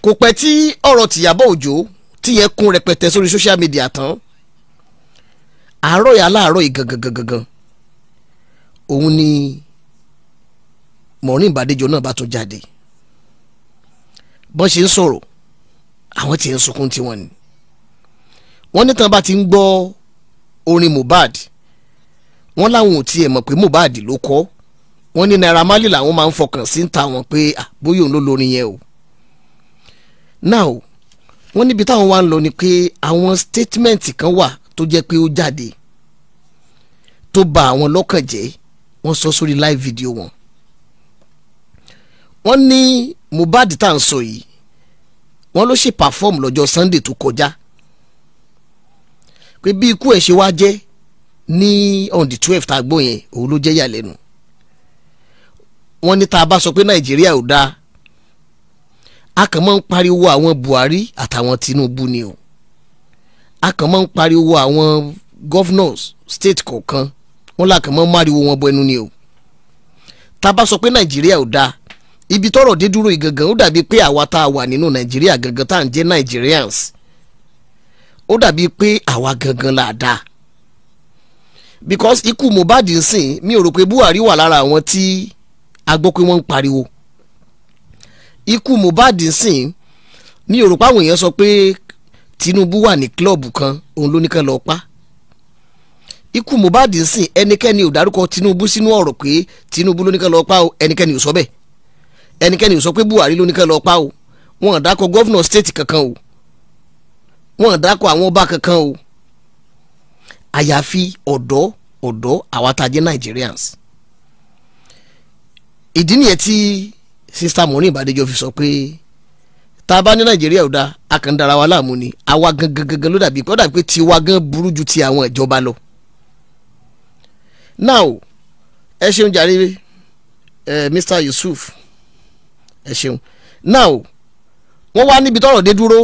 kò pẹ́ tí ọ̀rọ̀ tìyàbọ̀ òjò tíyẹn kún rẹpẹtẹ sórí social media tán àárọ̀ yà láàárọ̀ yìí gangan gangan òun ni Maureen Bàdéjọ náà bá tún jáde bọ́n ṣe ń sọ̀rọ̀ àwọn tí ń sunkún tiwọn ni wọ́n ní tán bá ti ń gbọ́ orin Mohbad wọ́n láwọn ò tiẹ̀ mọ̀ pé Mohbad ló kọ wọ́n ní Naira Marley làwọn máa ń fọkàn sí ń ta wọn pé bóyá òun ló lórin yẹn o now wọ́n níbi táwọn wá ń lọ ni pé àwọn statement kan wà tó jẹ́ pé ó jáde tó bà àwọn lọ́kàn jẹ́ wọ́n sọ sórí live video wọn. wọ́n ní Mohbad tá à ń sọ yìí wọ́n ló ṣe perform lọ́jọ́ Sunday tó kọjá pé bí ikú ẹ̀ ṣe wá jẹ́ ní on the twelve tá a gbọ́ yẹn òun ló jẹ́ yàlẹ́nu wọ́n ní tá a bá sọ pé Nàìjíríà ò dáa a kàn máa ń pariwo àwọn Buhari àtàwọn Tinubu ni o a kàn máa ń pariwo àwọn governors state kọ̀ọ̀kan wọn là kàn máa ń máriwo wọn bọ ẹnu ni o tá a bá sọ pé nàìjíríà ò dáa ibi tọ́rọ̀ dé dúró ìgangan ó dàbí pé àwa tá a wà nínú nàìjíríà gangan tá à ń jẹ́ nigerians ó dàbí pé àwa gangan là á dáa because ikú Mohbad ń sìn mi ò rò pé Buhari wà lára àwọn tí a gbọ́ pé wọ́n ń pariwo ikú Mohbad ń sìn mi ò rò pé àwọn èèyàn sọ pé Tinubu wà ní kílọ̀bù kan òun ló ní kan lọ́ọ́ pa ikú Mohbad sìn ẹnikẹ́ni ò dárúkọ Tinubu sínú ọ̀rọ̀ pé Tinubu ló ní kan lọ́ọ́ pa o ẹnikẹ́ni ò sọ bẹ́ẹ̀ ẹnikẹ́ni ò sọ pé Buhari ló ní kan lọ́ọ́ pa o wọn ò dákọ gọ́vnọ̀ stéètì kankan o wọn ò dákọ àwọn ọba kankan o àyàfi ọ̀dọ́ ọ̀dọ́ àwa tá a jẹ́ Nigerians ìdí nìyẹn tí sista Moni Ìbádéjọ fi sọ pé tá a bá ní nàìjíríà ò da akandara wa láàmú ni àwa gangan gangan ló dàbí kọ́ dàbí pé tiwa gan burú ju ti àwọn ìjọba lọ. now ẹ ṣeun jàre ẹ Mr Yusuf ẹ ṣeun now wọ́n wá níbi tọ́rọ̀ dé dúró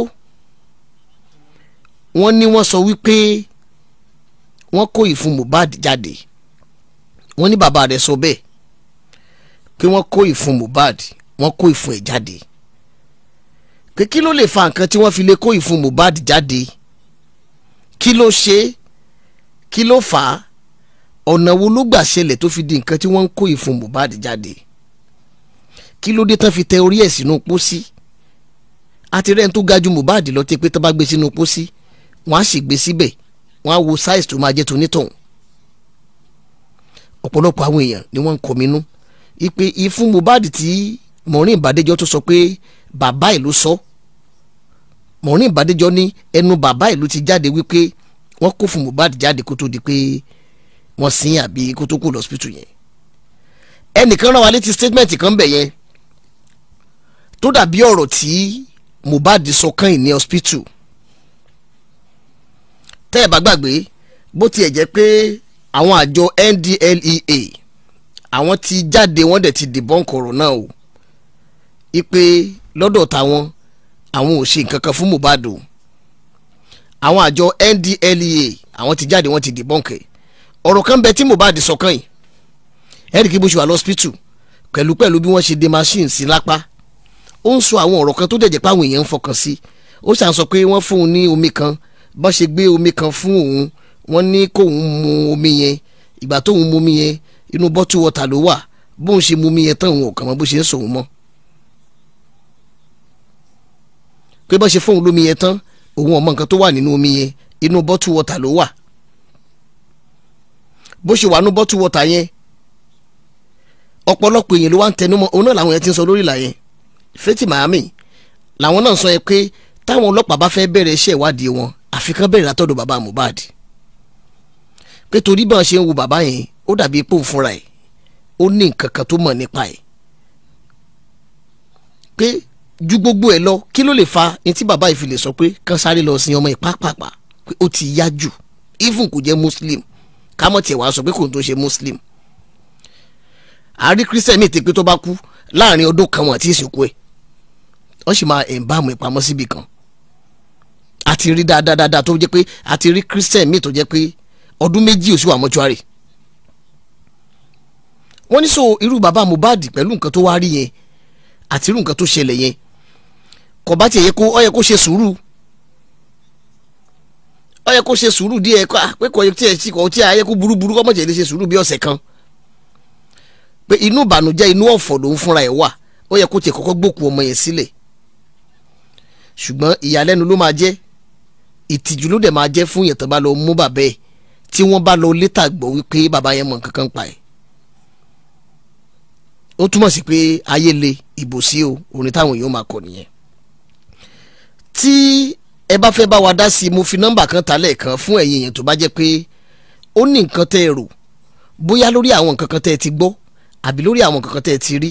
wọ́n ní wọ́n sọ wípé wọ́n kó ìfun Mohbad jáde wọ́n ní bàbá rẹ̀ sọ bẹ́ẹ̀ pé wọ́n kó ìfun Mohbad wọ́n kó ìfun ẹ̀ jáde pé kí ló lè fa nǹkan tí wọ́n fi lè kó ìfun Mohbad jáde kí ló ṣe kí ló fà á ọ̀nà wo ló gbà ṣẹlẹ̀ tó fi di nǹkan tí wọ́n ń kó ìfun Mohbad jáde kí ló dé tán fi tẹ orí ẹ̀ sínú pósí àti rẹ́ni tó ga ju Mohbad lọ ti pé tán bá gbé sínú pósí wọ́n á sì gbé síbẹ̀ wọ́n á wo size tó máa jẹ́ tonítọ̀hún ọ̀pọ̀lọpọ̀ àwọn èèyàn ni wọ́n ń kọminú ipe ìfun Mohbad tí Maureen Bàdéjọ tó sọ pé bàbá ẹ̀ ló sọ Mọ̀rin Bàdéjọ ní ẹnu bàbá ìlú ti jáde wípé wọ́n kó fún Mohbad jáde kó tó di pé wọ́n sin àbí kó tó kú lọ́sípítù yẹn ẹnìkan rán wa létí statement kan bẹ̀ yẹn tó dàbí ọ̀rọ̀ tí Mohbad sọ kàn ní hospital tẹ́ ẹ̀ bá gbàgbé bó tiẹ̀ jẹ́ pé àwọn àjọ NDLEA àwọn ti jáde wọ́n dẹ̀ ti dìbọn kọ̀rọ̀ náà o ipe lọ́dọ̀ tàwọn àwọn ò ṣe nǹkan kan fún Mohbad o àwọn àjọ NDLEA àwọn ti jáde wọ́n ti dìbọ́ǹkì ọ̀rọ̀ kan bẹ tí Mohbad sọkàn yìí eric bó ṣe wà lọ́spítù pẹ̀lú pẹ̀lú bí wọ́n ṣe de machine sí lápá ó ń sọ àwọn ọ̀rọ̀ kan tó dẹ̀jẹ̀ pé àwọn èèyàn ń fọkàn sí ó ṣàn sọ pé wọ́n fún un ní omi kan bọ́n ṣe gbé omi kan fún òun wọ́n ní kóun mu omi yẹn ìgbà tóun mu omi yẹn inú bọ́tù wọ́tà ló wà bóun ṣe mu omi yẹn tán òun ò kàn mọ́ bó ṣe ń sòun mọ́ pé bọ́n ṣe fóun lómi yẹn tán òun ò mọ nǹkan tó wà nínú omi yẹn inú bọ́tù wọ́tà ló wà bó ṣe wà nú bọ́tù wọ́tà yẹn ọ̀pọ̀lọpọ̀ èèyàn ló wá ń tẹnumọ́ òun náà làwọn yẹn ti ń sọ lórí ìlàyẹn fẹ́tì màámi làwọn náà sọ yẹn pé táwọn ọlọ́pàá bá fẹ́ bẹ̀rẹ̀ iṣẹ́ ìwádìí wọn àfikán bẹ̀rẹ̀ látọ̀dọ̀ bàbá Mohbad pé torí bá ṣe ń wo bàbá yẹn ó dàbí pò fúnra ẹ̀ ó ní nǹkan kan tó mọ̀ nípa ẹ̀ pé ju gbogbo ẹ lọ kí ló lè fa ní tí bàbá yìí fi lè sọ pé kan sáré lọ sin ọmọ ìpápàpà pé ó ti yá jù even kò jẹ́ muslim ká mọ̀ tiẹ̀ wá sọ pé kò tó ṣe muslim àárí christian mi ti pé tó bá kú láàrin ọdún kan wọn àti ìsìnkú ẹ̀ wọ́n sì máa ẹ̀ ń bá àwọn ìpamọ́ síbi kan àti rí dáadáa tó jẹ́ pé àti rí christian mi tó jẹ́ pé ọdún méjì ò sí wà mọ́túárì wọ́n ní so irú bàbá Mohbad pẹ̀lú nǹkan tó wá rí yẹn àti irú nǹkan tó ṣẹlẹ̀ yẹn kò bá tiẹ̀ yẹ kó ọ yẹ kó ṣe sùúrù ọ yẹ kó ṣe sùúrù díẹ̀ ah, pé kò tiẹ̀ tí kò tiẹ̀ yẹ kó burúburú kọ́ mọ̀jẹ̀ lè ṣe sùúrù bí ọ̀sẹ̀ kan pé inú ìbànújẹ́ inú ọ̀fọ̀ lòún fúnra ẹ̀ wà ó yẹ kó tiẹ̀ kọ́kọ́ gbòkú ọmọ yẹn sílẹ̀ ṣùgbọ́n ìyàlẹ́nu ló máa jẹ́ ìtìjú ló dẹ̀ máa jẹ́ fún yẹn tó bá lọ mú bàbá ẹ̀ tí wọ́n bá lọ létà gbọ́ wípé bàbá yẹn mọ̀ nǹkan pa ẹ̀ ó túmọ̀ sí pé ayé le ìbòsí o orin táwọn èèyàn máa kọ nìyẹn tí ẹ bá fẹ́ bá wa dá sí i mo fi nọ́mbà kan ta lẹ́ẹ̀kan fún ẹ̀yin èèyàn tó bá jẹ́ pé ó ní nǹkan tẹ́ ẹ rò bóyá lórí àwọn nǹkan kan tẹ́ ẹ ti gbọ́ àbí lórí àwọn nǹkan kan tẹ́ ẹ ti rí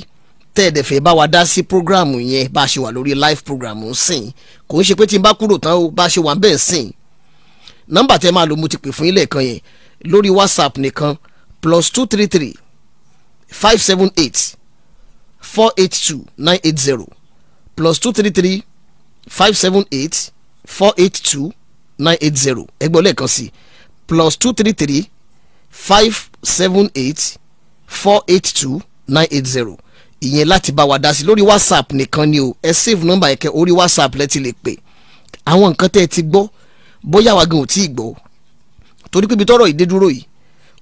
tẹ́ ẹ dẹ̀ bá wa dá sí programu yẹn bá a ṣe wà lórí live programu sìn kò ń ṣe pé tí n bá kúrò tán o bá a ṣe wà bẹ́ẹ̀ sìn nọ́mbà tẹ́ máa lò mo ti pè fún ilé kan yẹn lórí whatsapp nìkan plus two three three five seven eight four eight two nine eight zero plus two three three five seven eight four eight two nine eight zero ẹgbẹ́ lẹ́ẹ̀kan sí plus two three three five seven eight four eight two nine eight zero ìyẹn láti bá wa dá sí lórí whatsapp nìkan ni o ẹ save number yẹn kẹ orí whatsapp lẹ ti lè pè àwọn nǹkan tẹ́ ẹ ti gbọ́ bóyá wa gan ò tí ì gbọ́ torí pé ibi tọ́rọ̀ ìdé yìí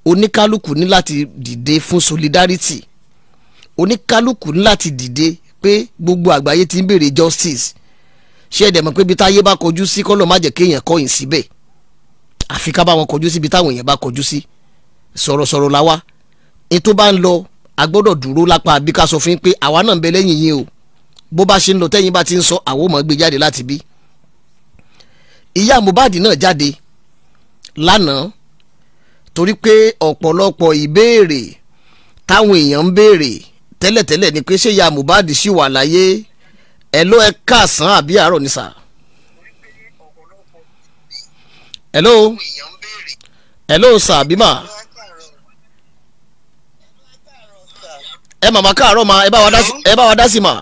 oníkálukú ní láti dìde fún solidarity oníkálukú ní láti dìde pé gbogbo àgbáyé ti ń béèrè justice ṣé ẹ̀dẹ̀ mọ̀ pé ibi táyé bá kojú sí kọ́ ló má jẹ́ kéèyàn kọ̀yìn síbẹ̀ àfi ká bá wọn kojú síbi táwọn èèyàn bá kojú sí sọ̀rọ̀sọ̀rọ̀ la wá ètò bá ń lọ a gbọ́dọ̀ dúró lápá àbí ká sọ fún yín pé àwa náà ń bẹ lẹ́yìn yín o bó bá ṣe ń lọ tẹ́yìn bá ti ń sọ àwọn ọmọ gbé jáde láti bí ìyá Mohbad náà jáde lánàá torí pé ọ̀pọ̀lọpọ̀ ìbéèrè táwọn èèyàn ń béèrè tẹ́lẹ̀tẹ́lẹ̀ ni pé ṣé ìyá Mohbad ṣì wà láyé hello ẹ káàsán àbí àárọ̀ ni sà. hello hello sà àbí mà. ẹ màmá káàárọ̀ ma ẹ bá wa dá sí ma.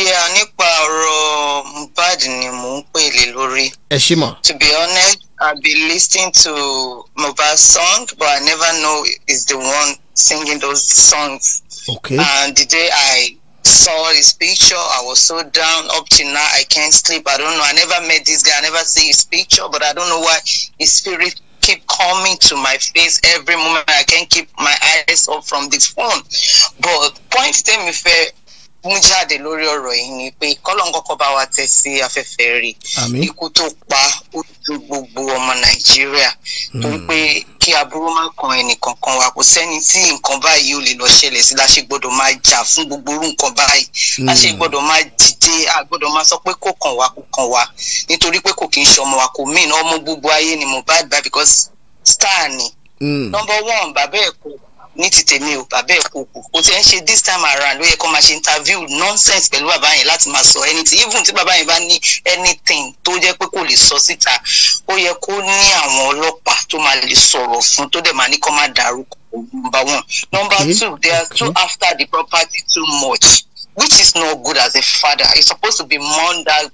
ìyá nípa ọ̀rọ̀ Mohbad ni mò ń pè lé lórí. ẹ ṣí mà. to be honest I be listening to Mohbad's song but I never know is the one singing those songs. okay and the day I saw his picture, I was so down up to now. I can't sleep. I don't know. I never met this guy. I never see his picture, but I don't know why his spirit keep coming to my face every moment. I can't keep my eyes off from this phone. But point I. mú jáde lórí ọ̀rọ̀ yìí ni pé kọ́lọ́ńkọ́kọ́ bá wa tẹ̀ sí afẹ́fẹ́ rí ikú tó pa ojú gbogbo ọmọ nàìjíríà hmm. torí pé kí aburú má kan ẹnìkankan wa kò sẹ́ni tí nǹkan báyìí ò lè lọ ṣẹlẹ̀ sí la ṣe gbọ́dọ̀ máa jà fún gbogbo irú nǹkan báyìí la hmm. gbọ́dọ̀ máa dìde a máa sọ pé kò kàn wá kò kàn wá nítorí pé kò kì í ṣọmọ wa kò mí ọmọ gbogbo ayé ni Mohbad bá because star ni hmm. number one bàbá ẹ̀ ní ti tèmi o bàbá ẹ̀ kò kù kò tí ẹ̀ ń ṣe this time around ló yẹ kó máa ṣe interview nonsense pẹ̀lú bàbá yẹn láti máa sọ anything even tí bàbá yẹn bá ní anything tó jẹ́ pé kò lè sọ síta ó yẹ kó ní àwọn ọlọ́pàá tó máa lè sọ̀rọ̀ fún tó dẹ̀ máa ní kó máa dárúkọ number one number okay. two they are okay. too after the property too much which is not good as a father he's supposed to be mourn that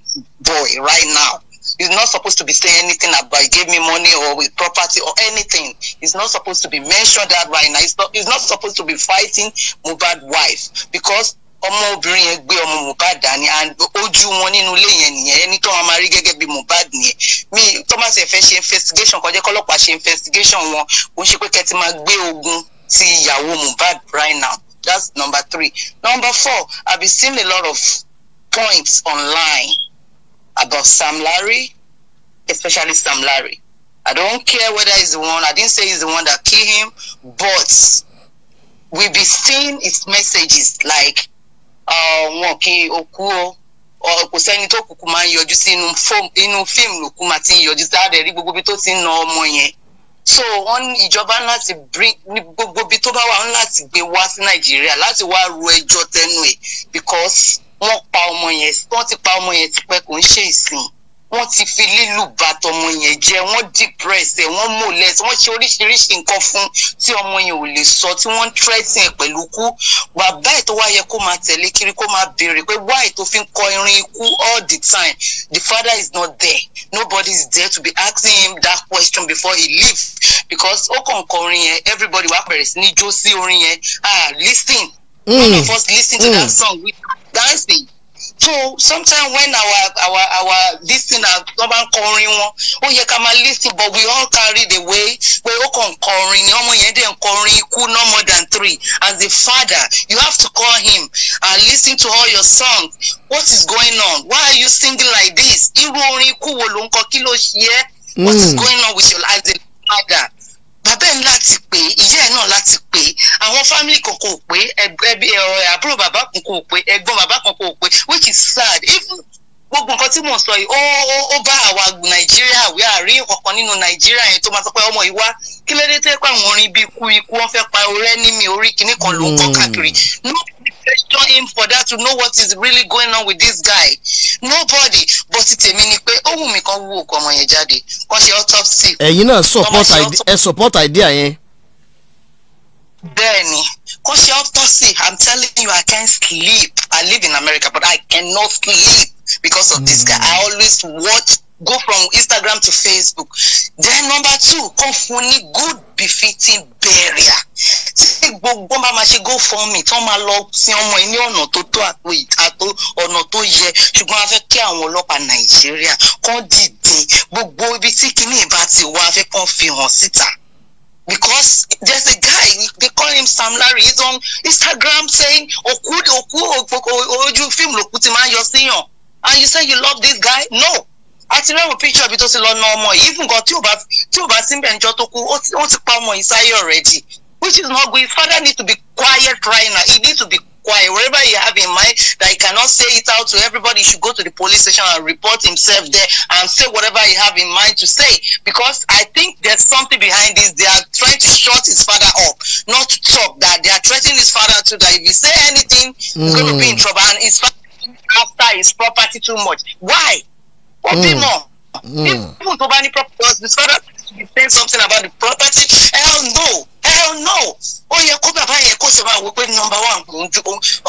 boy right now He's not supposed to be saying anything about he gave me money or with property or anything. He's not supposed to be mentioned that right now. He's not, he's not supposed to be fighting Mohbad wife because ọmọ obìnrin yẹn gbé ọmọ Mohbad dání and ojú wọn nínú ilé yẹn nìyẹn ẹni tó wọn máa rí gẹ́gẹ́ bí Mohbad nìyẹn mi Thomas ẹ ṣe investigation kọjá kọ́lọ́pàá ṣe investigation wọn ó ṣe pé kẹ́tì máa gbé ogun ti ìyàwó Mohbad right now that's number three number four I be seeing a lot of points online about Sam Larry, especially Sam Larry. I don't care whether he's the one, I didn't say he's the one that killed him, but we be seeing his messages like, "Uh, okay, í or o kò sẹ́ni tó kúkú máa ń yọjú sí inú fíìmù lòkú máa ti ń yọjú sáré rí gbogbo bí tó ti ń na ọmọ yẹn so wọn ìjọba láti ní gbogbo bí tó bá wà ń láti gbé wá sí nàìjíríà láti wá ru ẹjọ́ tẹnu ẹ̀ because wọ́n pa ọmọ yẹn wọ́n ti pa ọmọ yẹn tipẹ́ kò ń ṣe ìsìn wọ́n ti fi lílù bàtọ̀ ọmọ yẹn jẹ́ wọ́n depress ẹ̀ wọ́n molest wọ́n ṣe oríṣiríṣi nǹkan fún tí ọmọ yẹn ò lè sọ tí wọ́n ń threaten ẹ̀ pẹ̀lú ikú bàbá ẹ̀ tó wá yẹ kó máa tẹ̀lé kiri kó máa béèrè pé why tó fi ń kọ irin ikú all the time the father is not there nobody is there to be asking him that question before he leave because ó kàn kọ yẹn everybody wá bẹ̀rẹ̀ sí ní jó sí orin yẹn ah listen mm. all of us listening to mm. that song we dancing so sometimes when our our our listeners wọn bá ń kọrin wọn ó yẹ ká máa listen but we all carry the way pé ó kàn kọrin ni ọmọ yẹn dẹ̀ ń kọrin ikú no more than three as the father you have to call him and listen to all your songs what is going on why are you singing like this irú orin ikú wo ló ń kọ kí ló ṣe é what is mm. going on with your life as a father bàbá ẹ̀ láti pè ìyá ẹ̀ náà láti pè àwọn fámìlì kan kò pé ẹbí àbúrò bàbá kan kò pé ẹ̀gbọ́n bàbá kan kò pé which is sad even gbogbo nǹkan tí mò ń sọ yìí ó ó ó bá àwa nàìjíríà wí àárín ọ̀kan nínú nàìjíríà yẹn tó máa sọ pé ọmọ yìí wá kí ló dé tẹ́ pé àwọn orin bíi ikú ikú wọ́n fẹ́ pa orẹ́ ní mi orí kinní kan ló ń kọ́ káàkiri hmm. nobody question him for that to know what is really going on with this guy nobody but tèmi ni pé ó wù kan wú òkú ọmọ yẹn jáde kan ṣe autopsy. ẹ̀yin náà support ẹ support idea yẹn. bẹ́ẹ̀ni kan ṣe autopsy i'm telling you i can't sleep i live in america but i cannot sleep because of mm. this guy i hmm. always watch go from instagram to facebook then number two kan fún ní good befitting barrier tí gbogbo bá máa ṣe GoFundMe tí wọ́n máa lọ sin ọmọ yìí ní ọ̀nà tó tó àtò ọ̀nà tó yẹ ṣùgbọ́n a fẹ́ kí àwọn ọlọ́pàá Nàìjíríà kán dìde gbogbo ibi tí kinní ìbá ti wá a fẹ́ kán fi hàn síta. because there's a guy they call him Sam Larry he's on Instagram saying oku oku Oju, film lòkú ti máa ń yọ síyàn and you say you love this guy no àti rẹ́wọ̀n picture bí tó ti lọ na ọmọ yìí fún kan tí ò bá tí ò bá sí mbẹ̀ níjọ́ tó kú ó ti pa ọmọ yìí sáyé already which is not good. Father needs to be quiet right now. He needs to be quiet. Whatever you have in mind that he cannot say it out to everybody, he should go to the police station and report himself there and say whatever he have in mind to say. Because I think there's something behind this. They are trying to shut his father up, not to talk. That they are threatening his father to that if he say anything, mm. he's going to be in mm. trouble. And his father after his property too much. Why? What mm. more? Even tó bá ní property was the father be saying something about the property hell no hell no ó yẹ kó bàbá yẹ kó sì máa wò pé number one kò ń ju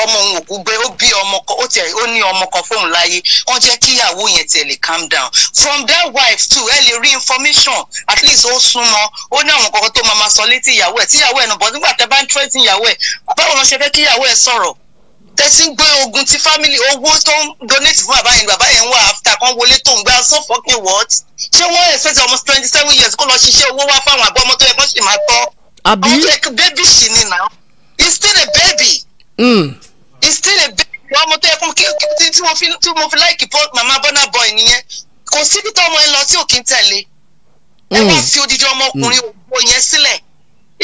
ọmọ òun òkú gbé ó bí ọmọ kan ó tiẹ̀ ó ní ọmọ Oh, fóun láyé wọ́n jẹ́ kí ìyàwó yẹn tiẹ̀ lè calm down from that wife too ẹ lè rí information at least ó súnmọ́ Oh, ní àwọn kankan tó máa ma sọ létí ìyàwó ẹ̀ tí ìyàwó ẹ̀ nù bọ́ nígbà tẹ́ bá ń tẹ́tí ìyàwó ẹ̀ báwo ló ṣe fẹ́ kí ìyàwó ẹ̀ sọ̀rọ̀ tẹ́sí ń gbé ogun ti family owó tó ń donate fún bàbá yẹn bàbá yẹn ń wà after kan wọlé tó ń gbà so fucking what ṣé wọ́n expect ọmọ twenty seven years kó lọ ṣiṣẹ́ owó wá fáwọn àbọ̀ ọmọ tó yẹ kó ṣì máa tọ́ àbí ọmọ tó yẹ kó baby ṣì ni now he's still a baby. Mm. he's still a baby ọmọ tó yẹ kó kí tí mo fi tí mo fi láìkì mama Burna Boy nìyẹn kò síbi tó ọmọ yẹn lọ tí ò tẹ̀lé ẹ hmm. wá fi odidi ọmọkùnrin hmm. ògbó yẹn sílẹ̀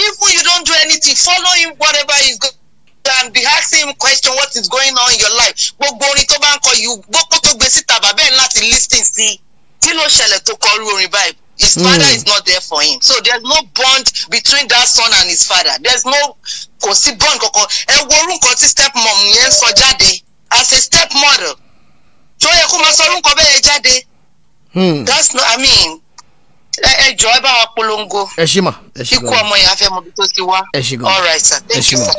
if you don't do anything follow him whatever he's going and be asking him question what is going on in your life gbogbo orin tó bá ń kọ yìí gbogbo tó gbé síta bàbá ẹ̀ láti listen sí kí ló ṣẹlẹ̀ tó kọ irú orin báyìí his mm. father is not there for him so there is no bond between that son and his father there is no kò sí bond kankan ẹ wo orú nǹkan tí stepmom yẹn sọ jáde as a stepmother tó yẹ kó máa sọ orú nǹkan bẹ́ẹ̀ jáde hmm. that's no i mean jọ ẹ bá wa polongo. ẹ ṣí mà ikú ọmọ yẹn afẹ́ mọbi tó ti wá. ẹ ṣí gan all right sir thank you sir.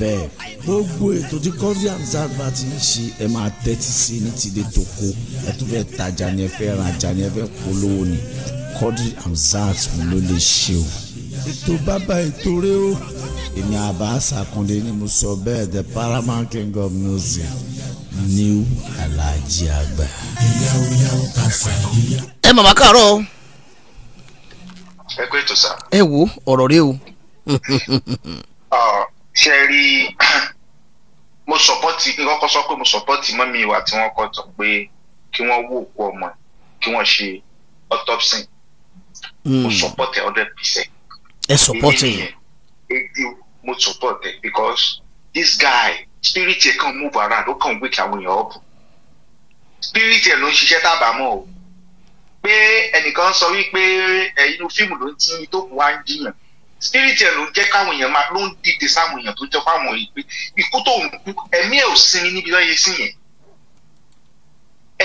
bẹ́ẹ̀ gbogbo ètò tí kọ́síàm sábà ti ń ṣe ẹ máa tẹ́tí sí ní tìde tòkó ẹ tún fẹ́ tajà ni ẹ fẹ́ rajà ni ẹ fẹ́ polówó ni Quadri Hamzat ló lè ṣe o. ètò bàbá ètò rẹ o. èmi Abass Akande ni mo sọ bẹ́ẹ̀ the paramount king of music new Alhaji Agba. ẹ màmá káàárọ̀. ẹ pé ètò sá. ẹ wo ọ̀rọ̀ rẹ o. Ah, ṣe rí mo sọpọ́tì kí n kọ́kọ́ sọ pé mo sọpọ́tì mọ́mí ìwà tí wọ́n kọ́ tán pé kí wọ́n wò òkú ọmọ kí wọ́n ṣe autopsy Hmm. mo support ẹ hundred percent. ẹ support ẹ. èdè mo support ẹ because this guy spirit ẹ kàn move around ó kàn wake àwọn èèyàn up spirit ẹ ló ń ṣiṣẹ́ tábàámọ̀ o pé ẹnìkan sọ wípé inú fíìmù ló ń ti tó kù wá ń jiyàn spirit ẹ ló ń jẹ́ káwọn èèyàn máa ló ń dìde sáwọn èèyàn tó jẹ́ fáwọn èèyàn pé ikú tó ń kú ẹ̀mí ẹ̀ ò sinmi níbi lọ́yẹ̀ sí yẹn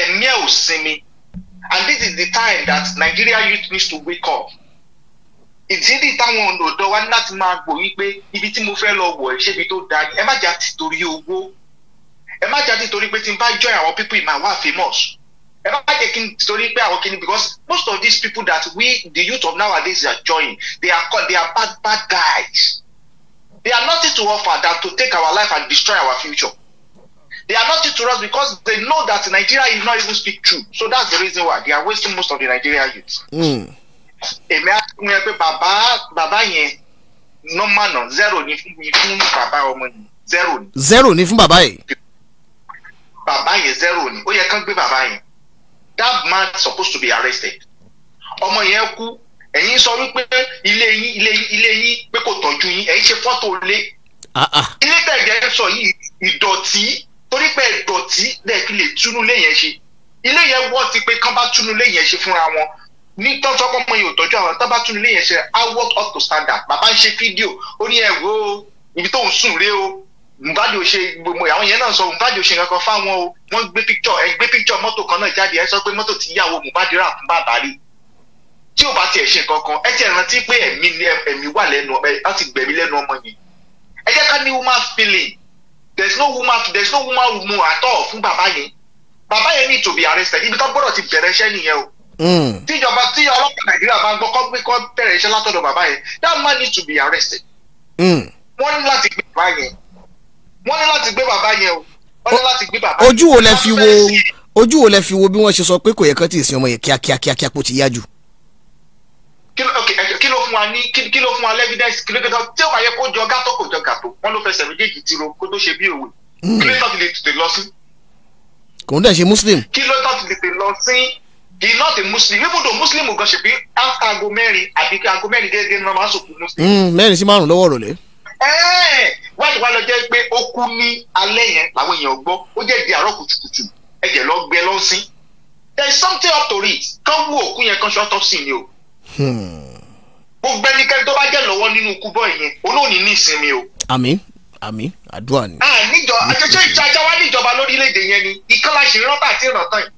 ẹ̀mí ẹ̀ ò sinmi and this is the time that Nigeria youth needs to wake up ìdílé táwọn ọ̀dọ́ wa láti máa gbọ́ wípé ibi tí mo fẹ́ lọ wọ̀ ẹ́ ṣébi tó da ẹ má jà ti torí owó ẹ má jà torí pé tí n bá join our people in my work famous ẹ má jẹ́ kí n torí pé àwọn kìíní because most of these people that we the youth of nowadays are joining they are called they are bad bad guys they are nothing to offer than to take our life and destroy our future They are not to us because they know that Nigeria is not even speak true. So that's the reason why they are wasting most of the Nigerian youth. Hmm. Èmi á tún yẹ pé bàbá bàbá yẹn normal náà zero ni fún bàbá ọmọ yẹn zero ni. Zero ni fún bàbá yẹn. Bàbá yẹn zero ni ó yẹ kán gbé bàbá yẹn. That man supposed to be arrested. Ọmọ yẹn kú ẹ̀yin sọ wípé ilé yín ilé yín ilé yín pé kò tọ́jú yín ẹ̀yin ṣe fọ́tò lé. Ah, ah. Ilé tẹ̀gẹ̀ sọ yìí ìdọ̀tí torí pé ìdọ̀tí lè fi lè túnú ilé yẹn ṣe ilé yẹn wọ́ ti pé kán bá túnú ilé yẹn ṣe fúnra wọn ní tọ́jọ́ kọ́ mọ ìyóò tọ́jú àwọn tábà túnú ilé yẹn ṣe i work up to standard bàbá ń ṣe fídíò ó ní ẹ̀rọ o ibi tó ń sùn ré o nbadi ò ṣe gbogbo àwọn yẹn náà sọ nbadi ò ṣe nǹkan kan fáwọn o wọ́n gbé picture ẹ gbé picture mọ́tò kan náà jáde ẹ sọ pé mọ́tò ti yàwó Mohbad rà fún bàbá rí tí ò bá tiẹ̀ ṣe kankan ẹ tiẹ̀ rántí pé ẹ̀mí wà lẹ́nu ẹ láti gbẹ̀mí lẹ́nu ọmọ yẹn ẹ jẹ́ ká ní human feeling there is no woman there is no woman mu at all fún bàbá yẹn bàbá yẹn need to be arrested ibi tó gbọ́dọ̀ ti bẹ̀rẹ̀ iṣẹ́ nìyẹn o hmm. tíjọba tí ọlọ́pàá nàìjíríà máa ń gbọ́ kọ́ pé kọ́ bẹ̀rẹ̀ iṣẹ́ látọ̀dọ̀ bàbá yẹn that man need to be arrested hmm. wọ́n ní láti gbé bàbá yẹn wọ́n ní láti gbé bàbá yẹn o wọ́n ní láti gbé bàbá yẹn. ojú wo lẹ fi wo ojú wo lẹ fi wo bí wọ́n ṣe sọ pé kò yẹ kán ti sin ọmọ yẹn kíákíákíá kó ti yá jù kí ló kí ló fún wa ní kí ló fún wa lẹ́gídẹ́sì kí ló kí ló tí ó bá yẹ kó jọ gàtó kò jọ gàtó wọn ló fẹsẹ̀ méjèèjì tiro kó tó ṣe bí òwe hmm. kí ló tọ́tù lè tètè lọ sí. kò ń dẹ̀ ṣe muslim. kí ló tọ́tù lè tètè lọ sí he not a muslim even though muslim gan ṣe pé after aago mẹ́rin àbí kí aago mẹ́rin gẹ́gẹ́ ni wọ́n máa ń sòkú muslim. Hmm, mẹ́rin sí márùn-ún lọ́wọ́ rọ̀lẹ́. wá ti wá lọ jẹ́ pé ó kú ní alẹ́ yẹn làwọn èèyàn gbọ́ ó jẹ́ ìdí àárọ̀ kùtùkùtù ẹ̀jẹ̀ lọ gbẹ lọ́sìn. there is something up to it kan wú òkú yẹn kan ṣe autopsy ni o Hmm. gbogbo ẹnikẹ́ni tó bá jẹ́ lọ́wọ́ nínú ikú bọ́ yẹn olóòní ní ìsinmi o. àmín àmín àdúrà ni. Ah, níjọ àjọṣe ìjàjà wa níjọba lórílẹ̀‐èdè yẹn ni ìkànnì àṣírí rántà àti ìrántàn yìí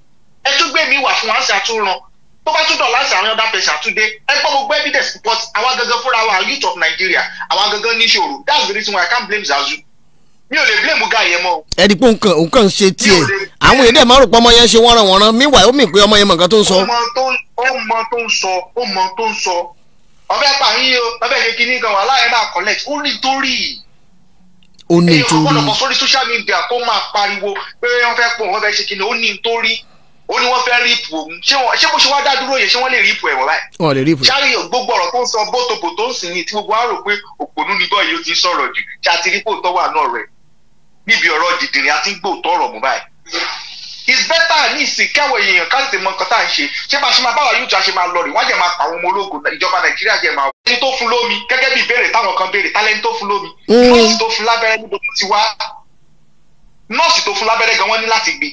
ẹ tún gbé mi wà fún wa ṣe àtúnran tó bá tún dọ̀lá sàárín ọ̀dà pẹ̀sẹ̀ àtúndé ẹ gbọ́ gbogbo evidence but àwa gangan fúnra wa youth of Nigeria àwa gangan níṣòro that's the reason why I can't blame Zazu mi ò lè blame guy yẹn mọ́. ẹ di pé nǹkan nǹkan ń ṣe tiẹ̀ àwọn èdè máa rò pé ọmọ yẹn ṣe wọ́nranwọ́nran míwà ó mì pé ọmọ yẹn mọ̀ nǹkan tó ń sọ. ọmọ tó ń mọ tó ń sọ ó mọ tó ń sọ ọbẹ̀ pààyàn o ọbẹ̀ ṣe kínní gan wàhálà ẹ̀ collect ó nítorí ó nítorí èyí ọ̀pọ̀lọpọ̀ sórí social media kó máa pariwo pé wọ́n fẹ́ pọ̀ wọ́n fẹ́ ṣe kínní ó nítorí ó ní wọ́n fẹ́ ríìpù òun ṣé wọ́n ṣé bó ṣe wá dá dúró yẹn ṣé wọ́n lè ríìpù ẹ̀ báyìí. wọ́n gbogbo ọ̀rọ̀ tó ń sọ bótobò tó ń sìn yìí tí gbogbo á rò pé òpònú ni bọ́ọ̀ yìí ti sọ̀rọ̀ jù ṣé àti rí pòótọ́ wà náà rẹ̀ níbi ọ̀rọ̀ dìdìrín àti gbòòtọ́ ọ̀rọ̀ mú báyìí it's better ní ìsìn èèyàn ká tètè mọ nǹkan tá à ń ṣe ṣé bá ṣe máa báwa yóò tó a ṣe máa lọ rè wọ́n jẹ́ máa pa àwọn ọmọ ológun ìjọba nàìjíríà jẹ́ máa. ẹni tó fún lómi gẹ́gẹ́ bí ìbéèrè táwọn kan béèrè tálẹ́ni tó fún lómi mm. nọ́ọ̀sì tó fún lábẹ́rẹ́ níbo tó ti wá nọ́ọ̀sì tó fún lábẹ́rẹ́ gan wọ́n ní láti gbé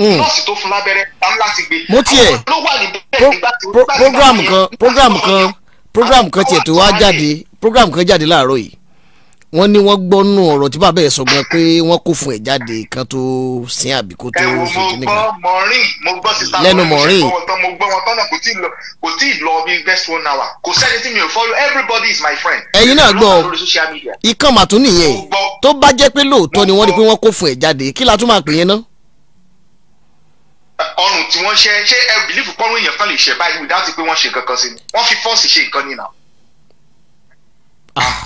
mm. nọ́ọ̀sì tó fún lábẹ́rẹ́ gan láti gbé. mo tiẹ̀ program kan program kan program kan tiẹ̀ tó wá jáde program kan jáde láàárọ̀ yìí wọ́n ní wọ́n gbọ́nú ọ̀rọ̀ tí bàbá ẹ̀ sọ gan pé wọ́n kó fún ẹ̀ jáde kan tó sin àbí kó tó ṣe kíní kan. lẹ́nu mọ̀rín. mo gbọ́ wọn tọ́nà kò tí ì lọ kò tí ì lọ bí best one hour kò sẹ́ni tí mi ò follow everybody is my friend. ẹ̀yin náà gbọ́ ikán màtún nìyẹn tó bá jẹ́ pé lóòótọ́ ni wọ́n rí pé wọ́n kó fún ẹ̀ jáde kí la tún máa pè yẹn náà ọrùn tí wọ́n ṣe ṣé ẹ bìlífù pọ́nrún èèyàn kan lè ṣe báyìí without pé wọ́n ṣe nǹkan kan sí ni wọ́n fi fọ́ọ̀sì ṣe nǹkan ni náà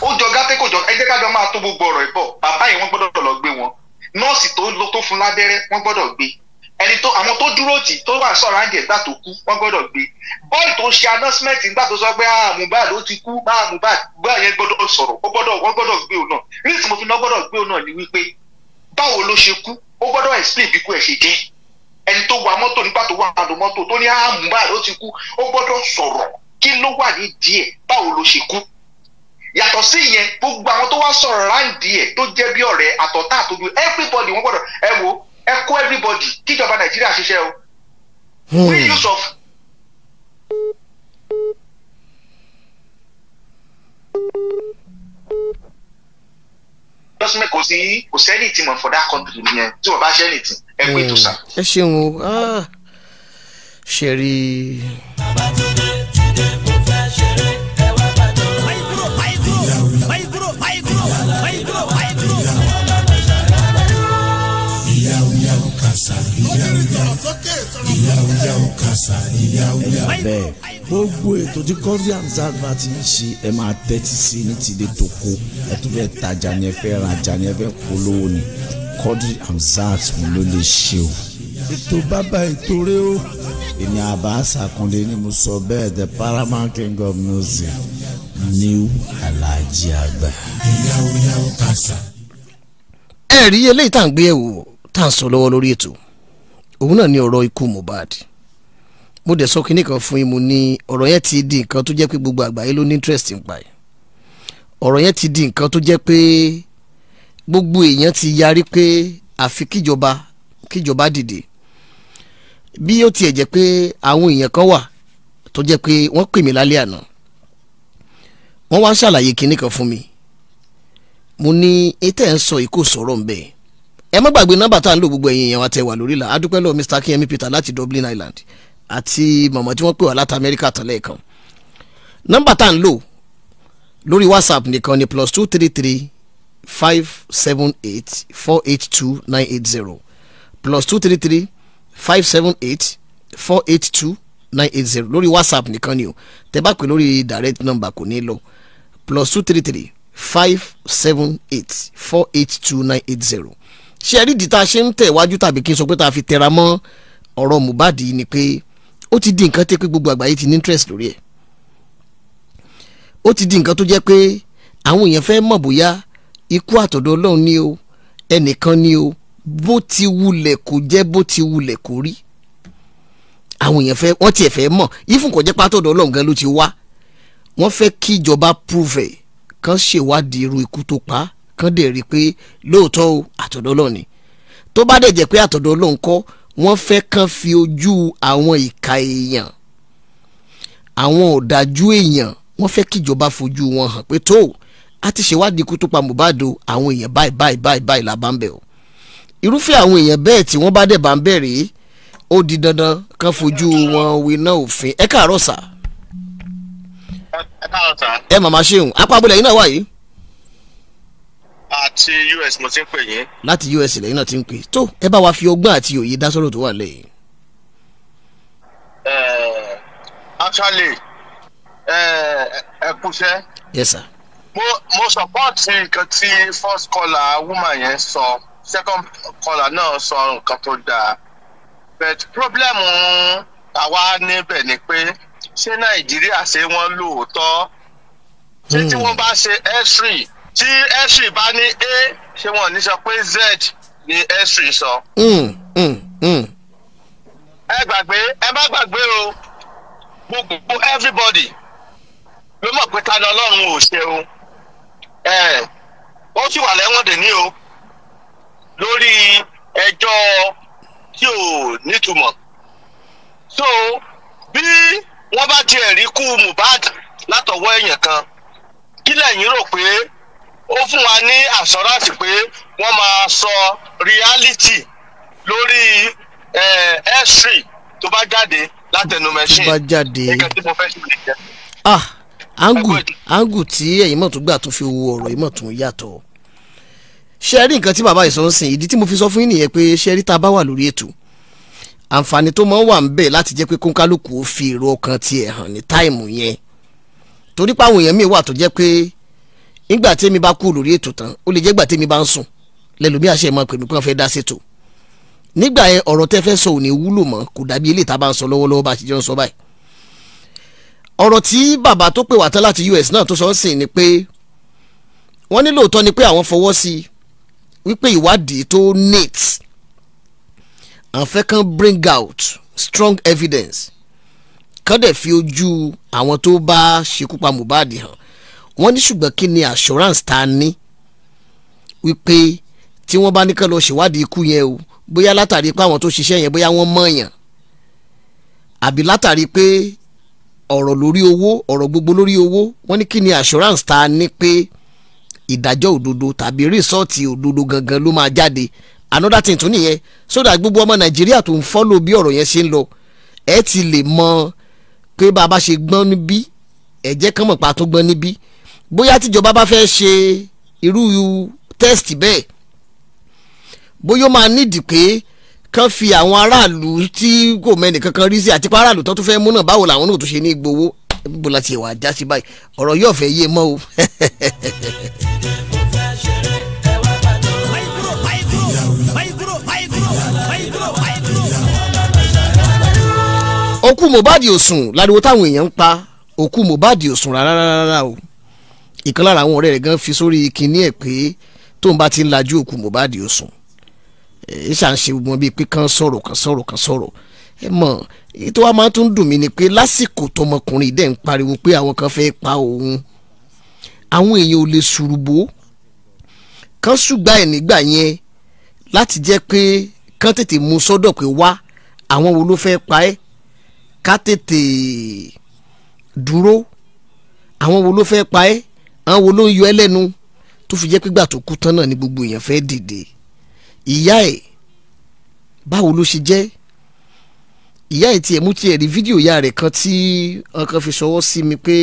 ó jọ gápé kò jọ ẹ jẹ́ ká jọ máa tó gbogbo ọ̀rọ̀ ìbọ̀ bàbá yìí wọ́n gbọ́dọ̀ lọ gbé wọn nọ́ọ̀sì tó fún lábẹ́rẹ́ wọ́n gbọ́dọ̀ gbé ẹni tó àwọn tó dúró tì tó wà sọ̀rọ̀ àǹjẹ̀ gbà tó kú wọ́n gbọ́dọ̀ gbé bọ́ọ̀lù tó ṣe announcement gbà tó sọ pé ah Mohbad ó ti kú máa ah, Mohbad bọ́ọ̀lù yẹn gbọ́dọ̀ sọ̀rọ̀ ó gbọ́dọ̀ wọ́n gbọ́dọ̀ gbé òun náà nígbà mo fi náà gbọ́dọ̀ gbé òun náà ni wípé báwo ló ṣe kú ó gbọ́dọ̀ explain bí ikú ẹ̀ ṣe jẹ́ ẹni tó wa mọ́tò nígbà tó wà àdó mọ́tò tó ní ah Mohbad ó ti kú ó gbọ́dọ̀ sọ̀rọ̀ kí ló wà ní díẹ̀ báwo ló ṣe kú yàtọ̀ sí yẹn gbogbo àwọn tó wá sọ̀rọ̀ ráǹdì ẹ̀ tó jẹ́ bí ọ̀rẹ́ àtọ̀tá àtọ́jú everybody wọ́n gbọ́dọ̀ ẹ wo ẹ kó everybody kíjọba nàìjíríà ṣiṣẹ́ o hmm. free use of. lọ́sùnmẹ́ kò sí kò sẹ́ni tí mo for that country yẹn tí wọ́n bá ṣẹ́ni tí ẹ pé tó sà. ẹ ṣeun o ah, ṣe rí i. àṣà ilé bẹ́ẹ̀ gbogbo ètò tí Quadri Hamzat ti ń ṣe ẹ máa tẹ́tí sí ní tìde tó kó ẹ tún fẹ́ tajà ni ẹ fẹ́ rajà ni ẹ fẹ́ polówó ni Quadri Hamzat ló lè ṣe o. ètò bàbá ètò rẹ o. èmi àbá àṣàkùnlé ni mo sọ bẹ́ẹ̀ the paramount king of music new alhaji àgbà. ìyàwó ìyàwó kàṣà. ẹ rí eléyìí tá à ń gbé yẹ̀wò tá à ń sọ lọ́wọ́ lórí ètò òun náà ni ọ̀rọ̀ ikú Mohbad mo dẹ̀ sọ kinní kan fún yín mo ní ọ̀rọ̀ yẹn ti di nǹkan tó jẹ́ pé gbogbo àgbáyé ló ní interest ń pa ẹ̀ ọ̀rọ̀ yẹn ti di nǹkan tó jẹ́ pé gbogbo èèyàn ti yarí pé àfi kíjọba kíjọba dìde bí ó tiẹ̀ jẹ́ pé àwọn èèyàn kan wà tó jẹ́ pé wọ́n pè mí lálẹ́ àná wọ́n wá ṣàlàyé kinní kan fún mi mo ní ètè ń sọ ìkó sọ̀rọ̀ ń bẹ̀ ẹ má gbàgbé nọ́mbà tá à ń lò gbogbo ẹ̀yin èèyàn wa tẹ̀ wà lórí la adúpẹ́ lọ́wọ́ Mr. Akínyẹmí Peter láti Dublin Island àti mọ̀mọ́ tí wọ́n pè wá láti amẹ́ríkà tán lẹ́ẹ̀kan nọ́mbà tá à ń lò lórí whatsapp nìkan ni plus two three three five seven eight four eight two nine eight zero plus two three three five seven eight four eight two nine eight zero lórí whatsapp nìkan ni o tẹ́ bá pè lórí direct number kò ní lọ plus two three three five seven eight four eight two nine eight zero ṣé ẹ rí ìdí tá a ṣe ń tẹ̀ wájú tàbí kí n sọ pé tá a fi tẹra mọ́ ọ̀rọ̀ Mohbad ni pé ó ti di nǹkan tẹ́ pé gbogbo àgbáyé ti ní interest lórí ẹ̀ ó ti di nǹkan tó jẹ́ pé àwọn èèyàn fẹ́ mọ̀ bóyá ikú àtọ̀dọ̀ ọlọ́run ni o ẹnìkan ni o bó ti wulẹ̀ kó jẹ́ bó ti wulẹ̀ kó rí àwọn èèyàn fẹ́ wọ́n tiẹ̀ fẹ́ mọ̀ ifun kò jẹ́ pátọ̀dọ̀ ọlọ́run gan ló ti wá wọ́n fẹ́ kí ìjọba prove ẹ̀ kán ṣèwádìí irú ikú tó pa kán dẹ̀ rí i pé lóòótọ́ o àtọ̀dọ̀ ọlọ́run ni tó bá dẹ̀ jẹ́ pé àtọ̀dọ̀ ọlọ́run kọ́ wọ́n fẹ́ kàn fi ojú àwọn ìka èèyàn àwọn ọ̀dájú èèyàn wọ́n fẹ́ kíjọba fojú wọn hàn pé tó a ti ṣèwádìí ikú tó pa Mohbad o àwọn èèyàn báyìí báyìí báyìí báyìí là bá ń bẹ̀ o irúfẹ́ àwọn èèyàn bẹ́ẹ̀ tí wọ́n bá dẹ̀ bá ń bẹ̀ rèé ó di dandan kan fojú wọn winá òfin ẹ káàárọ̀ sà. ẹ káàárọ̀ sà. ẹ màmá ṣeun apá abúlé yìí náà wà àti us mo ti ń pè yín. láti us lẹ́yìn náà ti ń pè tó ẹ bá wa fi ọgbọ́n àti òye dá sọ́rọ̀ tó wà lẹ́yìn. Eh, actually eh, ẹ kúṣẹ́. yes sir. mo mo support nǹkan tí first caller woman yẹn sọ second caller náà sọ nǹkan tó dáa but problem àwa níbẹ̀ ni pé ṣé nàìjíríà ṣé wọ́n lóòótọ́ ṣé tí hmm. wọ́n bá ṣe x-ray tí esri bá ní a ṣé wọn ní sọ pé z ni esri sọ. Hmm, hmm, hmm. ẹ gbàgbé ẹ má gbàgbé o gbogbo everybody ló mọ̀ pé tani ọlọ́run ò ṣe o ó sì wà lẹ́wọ̀n dè ní o lórí ẹjọ́ tí ò nítumọ̀ so bí wọ́n bá tiẹ̀ rí kú Mohbad látọwọ́ èèyàn kan kí lẹ́yìn rò pé ó fún wa ní assurance pé wọ́n máa sọ reality lórí eh, airstream tó bá jáde látẹnu machine tó bá jáde ah angu angu tí ẹ̀yin mọ̀ tó gbà tó fi wo ọ̀rọ̀ yìí mọ̀ tó yàtọ̀ ṣe rí nǹkan tí bàbá yìí sọ ń sìn ìdí tí mo fi sọ fún yín nìyẹn pé ṣe rí tá a bá wà lórí ètò àǹfààní tó máa wà ń bẹ̀ láti jẹ́ pé kónkálukú ó fi èrò ọkàn tiẹ̀ hàn ní táìmù yẹn torí èèyàn míì wà tó jẹ́ pé nígbà tí èmi bá kú lórí ètò tán ó lè jẹ́ gbà tí mi bá ń sùn lẹ́lòmí àṣẹ mọ́ pèmí kan fẹ́ dá ṣètò nígbà yẹn ọ̀rọ̀ tẹ́ fẹ́ sọ ò ní wúlò mọ́ kò dàbí eléyìí tá a bá ń sọ lọ́wọ́lọ́wọ́ bá a ṣe jọ ń sọ báyìí ọ̀rọ̀ tí bàbá tó pè wá tán láti US náà tó sọ sí ni pé wọ́n ní lóòótọ́ ni pé àwọn fọwọ́ sí i wípé ìwádìí tó neat àwọn fẹ́ kàn bring out strong evidence kán dẹ̀ fi ojú àwọn tó bá ṣekú pa Mohbad hàn wọ́n ní ṣùgbọ́n kí ni assurance tá a ní wípé tí wọ́n bá ní kán lọ ṣèwádìí ikú yẹn o bóyá látàrí pé àwọn tó ṣiṣẹ́ yẹn bóyá wọ́n mọ̀ọ́yàn àbí látàrí pé ọ̀rọ̀ lórí owó ọ̀rọ̀ gbogbo lórí owó wọ́n ní kí ni assurance tá a ní pé ìdájọ́ òdodo tàbí rìsọ́ọ̀tì òdodo gangan ló máa jáde another thing tún nìyẹn sódà gbogbo ọmọ nàìjíríà tó ń fọ́lò bí ọ̀rọ̀ yẹn ṣe ń lọ ẹ ti lè mọ pé bàbá ṣe gbọ́n níbí ẹ jẹ́ kán mọ̀ tó gbọ́n níbí bóyá tíjọba bá fẹ́ ṣe irú test bẹ́ẹ̀ bóyá ó máa nídìí pé kán fi àwọn aráàlú tí kò mẹ́ni kankan rí sí àti pé aráàlú tó tún fẹ́ mú náà báwo làwọn náà tún ṣe ní gbowó bó láti ẹ̀wà já sí báyìí ọ̀rọ̀ yóò fẹ́ yé mọ́ o. òkú Mohbad ò sùn láriwo táwọn èèyàn ń pa òkú Mohbad ò rárá rárá o. Rárá, rárá, rárá, rárá, rárá, rárá, rárá, rárá, ìkan lára àwọn ọ̀rẹ́ rẹ̀ gan fi sórí kinní ẹ̀ pé tóun bá ti ń lajú òkú Mohbad ó sùn ẹ ṣàǹṣe wọn bíi pé kán sọ̀rọ̀ kán sọ̀rọ̀ kán sọ̀rọ̀ ẹ mọ̀ èyí tó wá máa tún dùn mí ni pé lásìkò tọmọkùnrin dẹ̀ ń pariwo pé àwọn kan fẹ́ pa òun àwọn èèyàn ò lè ṣùrùbó kán ṣùgbà ẹ̀ nígbà yẹn láti jẹ́ pé kán tètè mú sọ́dọ̀ pé wá àwọn wo ló fẹ́ pa ẹ́ ká tètè dúró àwọn wo ló fẹ́ pa ẹ́ àwọn wo ló ń yọ ẹ́ lẹ́nu tó fi jẹ́ pé gbà tó kú tán náà ni gbogbo èèyàn fẹ́ dìde ìyá ẹ̀ báwo ló ṣe jẹ́ ìyá ẹ̀ tiẹ̀ mú tiẹ̀ rí fídíò ìyá rẹ̀ kan tí ọkàn fi ṣọwọ́ sí mi pé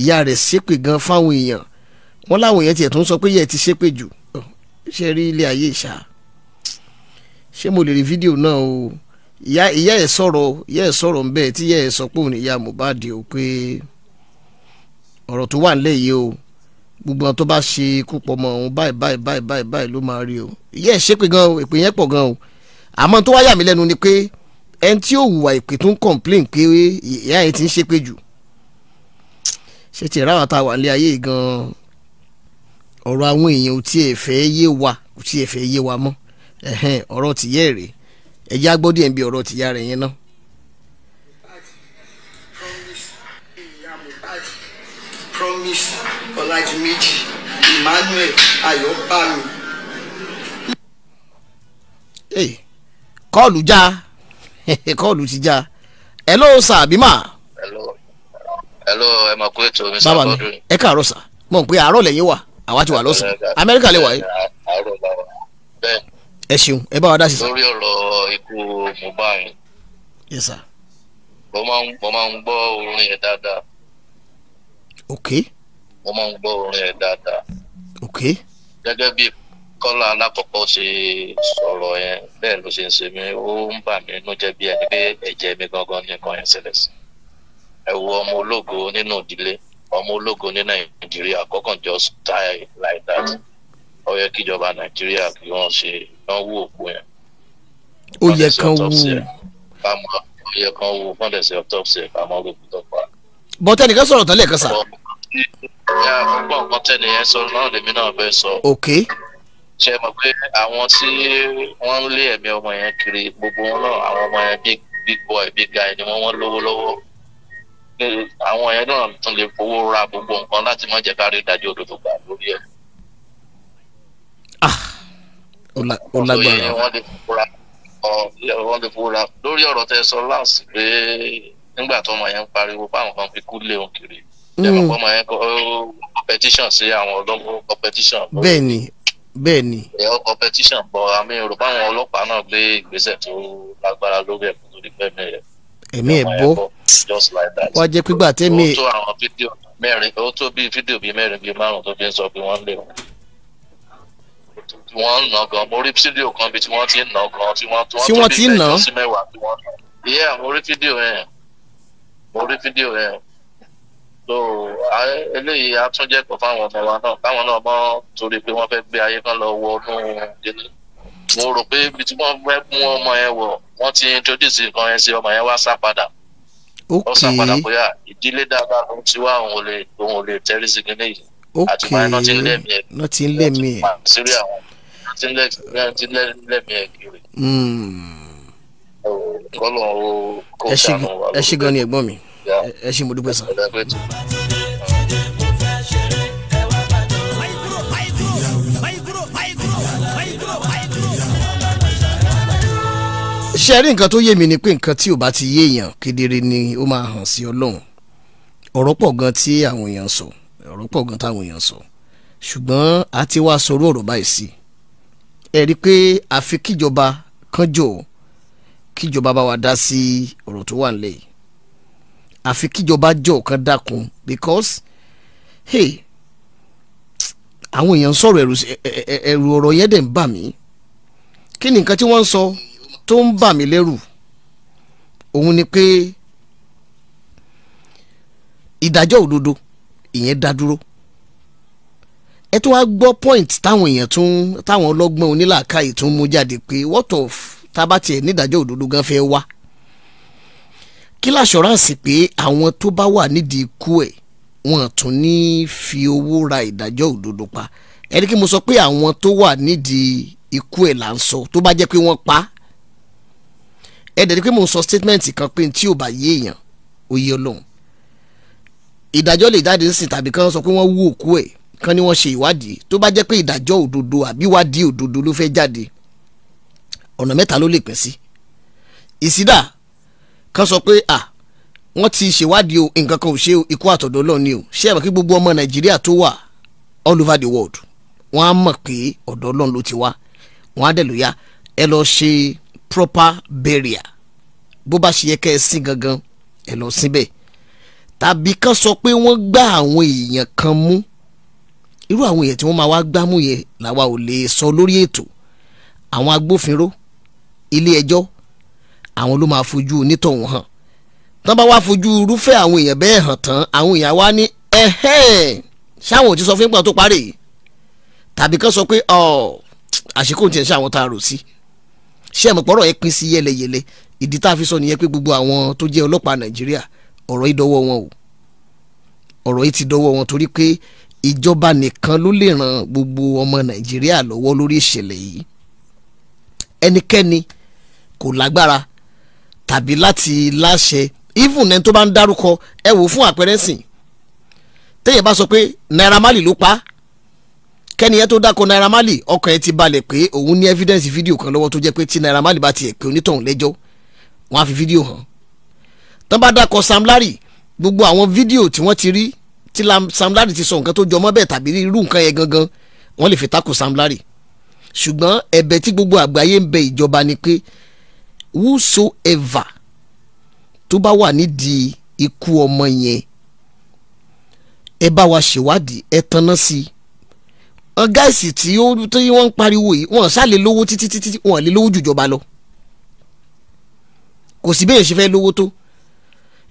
ìyá rẹ̀ ṣépè gan fáwọn èèyàn wọ́n láwọn èèyàn tiẹ̀ tó ń sọ pé yẹ ti ṣépè jù ṣe rí ilé ayé ìṣá ṣé mo lè rí fídíò náà o ìyá ẹ̀ sọ̀rọ̀ ìyá ẹ̀ sọ̀rọ̀ ń bẹ́ẹ̀ tí ìyá ẹ̀ sọ pé òun ìyá Mohbad o pé ọ̀rọ̀ tó wà nílẹ̀ yìí o gbogbo àwọn tó bá ṣe ikú pọ̀ mọ́ òun báyìí báyìí báyìí báyìí báyìí ló máa rí o ìyá ẹ̀ ṣe pé gan o èpè yẹn pọ̀ gan o àmọ́ tó wá yà mí lẹ́nu ni pé ẹni tí ò hùwà ìpè tó ń complain pé ìyá ẹ̀ ti ń ṣe pé jù ṣe ti ráwa tá a wà ní ayé gan ọ̀rọ̀ àwọn èèyàn ò tiẹ̀ fẹ́ yé wa ò tiẹ̀ fẹ́ yé wa mọ́ ọ̀rọ̀ tìyẹ́ rèé ẹ̀yà gbọ́dọ̀ ẹ̀ ń bi ọ̀rọ̀ tìyá rẹ̀ yẹn náà miss ebe emmanuel ayọ̀bámi. kọ́ọ̀lù já kọ́ọ̀lù ti já hello sir bímà. hello ẹ mọ̀ pé tòun sá bọ́dún. ẹ káàárọ̀ sà mọ̀ pé àárọ̀ lẹ́yìn wà ti wà lọ́sàn-án lè wà yìí. àárọ̀ bá bẹ́ẹ̀. ẹ ṣeun ẹ bá wa dá sí lórí ọ̀rọ̀ ikú ok. mo máa ń gbọ́ orin ẹ̀ dáadáa. ok. gẹ́gẹ́ bí kọ́lá alákọ̀ọ́kọ́ ṣe sọ̀rọ̀ yẹn bẹ́ẹ̀ ló ṣe ń ṣe mí ó ń bà mí inú jẹ́ bí ẹni pé ẹ̀jẹ̀ mi gangan ní nǹkan yẹn ṣẹlẹ̀ sí. ẹ wo ọmọ ológo nínú ìdílé ọmọ ológo ní nàìjíríà kọ́kàn just die like that ó yẹ kíjọba nàìjíríà kí wọ́n ṣe wọ́n wú òkú yẹn. ó yẹ kán wú ó yẹ kán wú fọ́ndẹ̀sì autopsy àmọ́ ló kú tó pa. bọ́tẹ́nìkan sọ̀rọ̀ tán lẹ́ẹ̀kan sà ọgbọ́n nǹkan tẹ́lẹ̀ yẹn sọ náà lèmi náà fẹ́ sọ. ok. ṣe mọ̀ pé àwọn tí wọ́n ń lé ẹ̀mí ọmọ yẹn kiri gbogbo wọn náà àwọn ọmọ yẹn big big boy big guy ni wọ́n wọ́n lówó lọ́wọ́ àwọn yẹn náà tún lè fowó ra gbogbo nǹkan láti má jẹ́ ká ìdájọ́ òdodo gbà lórí ẹ̀. Ah, ó lágbára. wọ́n lè fowó ra lórí ọ̀rọ̀ tẹ́ sọ láǹsì pé nígbà tó ọmọ yẹn ń pariwo báwọn kan fi kú lé òun kiri ẹ̀mọ̀ mm. pọ́nmọ́ yẹn kọ́ competition sí àwọn ológun competition. bẹ́ẹ̀ni bẹ́ẹ̀ni. ẹ ọ competition bọ àmì yorùbá àwọn ọlọ́pàá náà gbé ìgbésẹ̀ tó lágbára lórí ẹ̀kọ́ lórí pẹ́ẹ́mì rẹ̀. ẹ̀mí ẹ̀ bọ́ wọ́n jẹ́ pípa tẹ́mi. ó tó àwọn fídíò mẹ́rin ó tó bíi fídíò bíi mẹ́rin bíi márùn-ún tó fi ń sọ pé wọ́n lè wọ́n wọ́n ń ná gan mo rí fídíò kan bí tí wọ́n ti ń ná gan tí wọ́n tó bí mẹ́jọ sí mẹ́wàá tí wọ́n ná. ìyá mo rí fídíò yẹn mo fídíò yẹn so eléyìí á tún jẹ́ kó fáwọn ọmọ wa náà káwọn náà mọ́ torí pé wọ́n fẹ́ gbé ayé kan lọ wọ ọdún ìdílé mo rò pé ibi tí wọ́n fẹ́ mú ọmọ yẹn wọ̀ wọ́n ti introduce nǹkan yẹn sí ọmọ yẹn wá sá padà ó sá padà bóyá ìdílé dáadáa ló ti wá òun ò lè òun ò lè tẹ́rí sí kinní yìí àti máa náà ti ń lẹ̀mí ẹ̀ náà ti ń sírí àwọn náà ń lẹ̀mí ẹ̀ kiri. Hmm. ẹ ṣe gan ni ẹ̀gbọ́n mi ẹ ṣe mo dúpẹ́ sàn. ṣe rí nǹkan tó yé mi ni pé nǹkan tí ò bá ti yé èèyàn kedere ni ó máa hàn sí ọlọ́run ọ̀rọ̀ pọ̀ gan tí àwọn èèyàn sọ ọ̀rọ̀ pọ̀ gan táwọn èèyàn sọ ṣùgbọ́n a ti wá sọ̀rọ̀ ọ̀rọ̀ báyìí sí ẹ rí i pé àfi kíjọba kánjọ kíjọba bá wa dá sí ọ̀rọ̀ tó wà nílẹ̀ yìí àfi kíjọba jọ ọ̀kan dákun because hey àwọn èèyàn sọ̀rọ̀ ẹ̀rù ọ̀rọ̀ yẹn dẹ̀ ń bà mí kí ni nǹkan tí wọ́n ń sọ tó ń bà mí lẹ́rù òun ni pé ìdájọ́ òdodo ìyẹn dá dúró ẹ tó wá gbọ́ point táwọn èèyàn tún táwọn ọlọ́gbọ́n onílàákàyè tún mú jáde pé what of tá a bá tiẹ̀ nídàájọ́ òdodo gan fẹ́ wá kí láṣọ́ránsì pé àwọn tó bá wà nídìí ikú ẹ̀ wọn tún ní fi owó ra ìdájọ́ òdodo pa ẹni kí mo sọ pé àwọn tó wà nídìí ikú ẹ̀ là ń sọ tó bá jẹ́ pé wọ́n pa ẹ ni pé mo sọ statement kan pé tí ò bá yé èèyàn ó yé ọlọ́run ìdájọ́ lè jáde nísìn tàbí kan sọ pé wọ́n wú òkú ẹ̀ kan ni wọ́n ṣe ìwádìí tó bá jẹ́ pé ìdájọ́ òdodo àbí ìwádìí òdodo ló fẹ́ jáde ọ̀nà mẹ́ta ló lè pín sí ìsídà kan sọ pé à wọ́n ti ṣèwádìí o nǹkan kan ò ṣe o ikú àtọ̀dọ̀ Ọlọ́run ni o ṣé ẹ̀ mọ̀ kí gbogbo ọmọ Nàìjíríà tó wà all over the world wọ́n á mọ̀ pé ọ̀dọ̀ Ọlọ́run ló ti wá wọ́n á dẹ̀ lóya ẹ lọ ṣe proper burial bó bá ṣe yẹ kẹ́ ẹ sin gangan ẹ lọ síbẹ̀ tàbí kan sọ pé wọ́n gbá àwọn èèyàn kan mú irú àwọn èèyàn tí wọ́n máa wá gbámú yẹn làwa ò lè sọ lórí ètò àwọn agbófinró ilé ẹjọ́ àwọn ló máa fojú onítọ̀hún hàn tán bá wá fojú irúfẹ́ àwọn èèyàn bẹ́ẹ̀ hàn tán àwọn èèyàn wá ní ẹ̀hẹ́n ṣáwọn ò ti sọ fún ìpàn tó parí yìí tàbí kán sọ pé ọ àṣekò tiẹ̀ ṣe àwọn tá a rò sí ṣé ẹ̀mọ̀ pọ̀rọ̀ yẹn pín sí yẹlẹyẹlẹ ìdí tá a fi sọ nìyẹn pé gbogbo àwọn tó jẹ́ ọlọ́pàá Nàìjíríà ọ̀rọ̀ yìí dọ́wọ́ wọn o ọ̀rọ̀ yìí ti dọ́wọ́ wọn torí pé ìjọba nìkan ló lè ran gbogbo ọmọ Nàìjíríà lọ́wọ́ lórí ìṣẹ̀lẹ̀ yìí ẹnikẹ́ni kò lágbára tàbí láti láṣẹ even ẹni tó bá ń dárúkọ ẹ wò fún àpẹẹrẹ sìn téèyàn bá sọ pé Naira Marley ló pa kẹ́niyẹn tó dákọ̀ Naira Marley ọkàn ẹ ti balẹ̀ pé òun ní evidence fídíò kan lọ́wọ́ tó jẹ́ pé tí Naira Marley bá tiẹ̀ pé onítọ̀hún lẹ́jọ́ wọ́n á fi fídíò hàn tán bá dákọ̀ Sam Larry gbogbo àwọn fídíò tí wọ́n ti rí tí Sam Larry ti sọ nǹkan tó jọmọ́ bẹ́ẹ̀ tàbí irú nǹkan yẹn gangan wọ́n lè fi takò Sam Larry ṣùgbọ́n ẹ̀bẹ̀ tí gbogbo àgbáyé ń bẹ ìjọba ni pé whosoever tó bá wà nídìí ikú ọmọ yẹn ẹ bá wa ṣèwádìí ẹ tanná sí i ọgá ẹ̀sì tí wọ́n ń pariwo yìí wọ́n sálè lówó títí títí wọ́n lè lówó jùjọba lọ kò sí bẹ́ẹ̀ ṣe fẹ́ lówó tó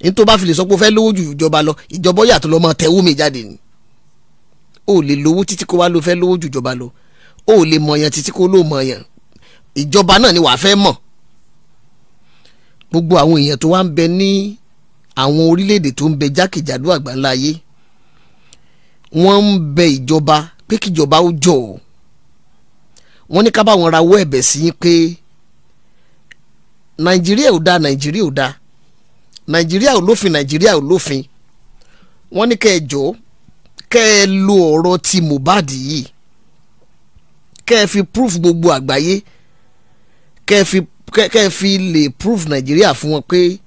nítorí bá fi lè sọ pé ó fẹ́ lówó jùjọba lọ ìjọba yàtọ̀ lọ́mọ tẹ̀wó mi jáde ni ó lè lówó títí kó wá ló fẹ́ lówó jùjọba lọ ó lè mọ̀yàn títí kó ló mọ̀yàn ìjọba náà ni wàá fẹ́ mọ̀ gbogbo àwọn èèyàn tó wá ń bẹ ní àwọn orílẹ̀-èdè tó ń bẹ jákèjádò àgbáńlá ayé wọ́n ń bẹ ìjọba pé kíjọba ó jọ̀ ọ́ wọ́n ní ká bá wọn rawọ́ ẹ̀bẹ̀ sí yín pé nàìjíríà ò da nàìjíríà ò da nàìjíríà ò lófin nàìjíríà ò lófin wọ́n ní kẹ́ ẹ jọ kẹ́ ẹ lo ọ̀rọ̀ ti Mohbad yìí kẹ́ ẹ fi proof gbogbo àgbáyé kẹ́ ẹ fi kẹ́ ẹ fi lè prove nàìjíríà fún wọn pé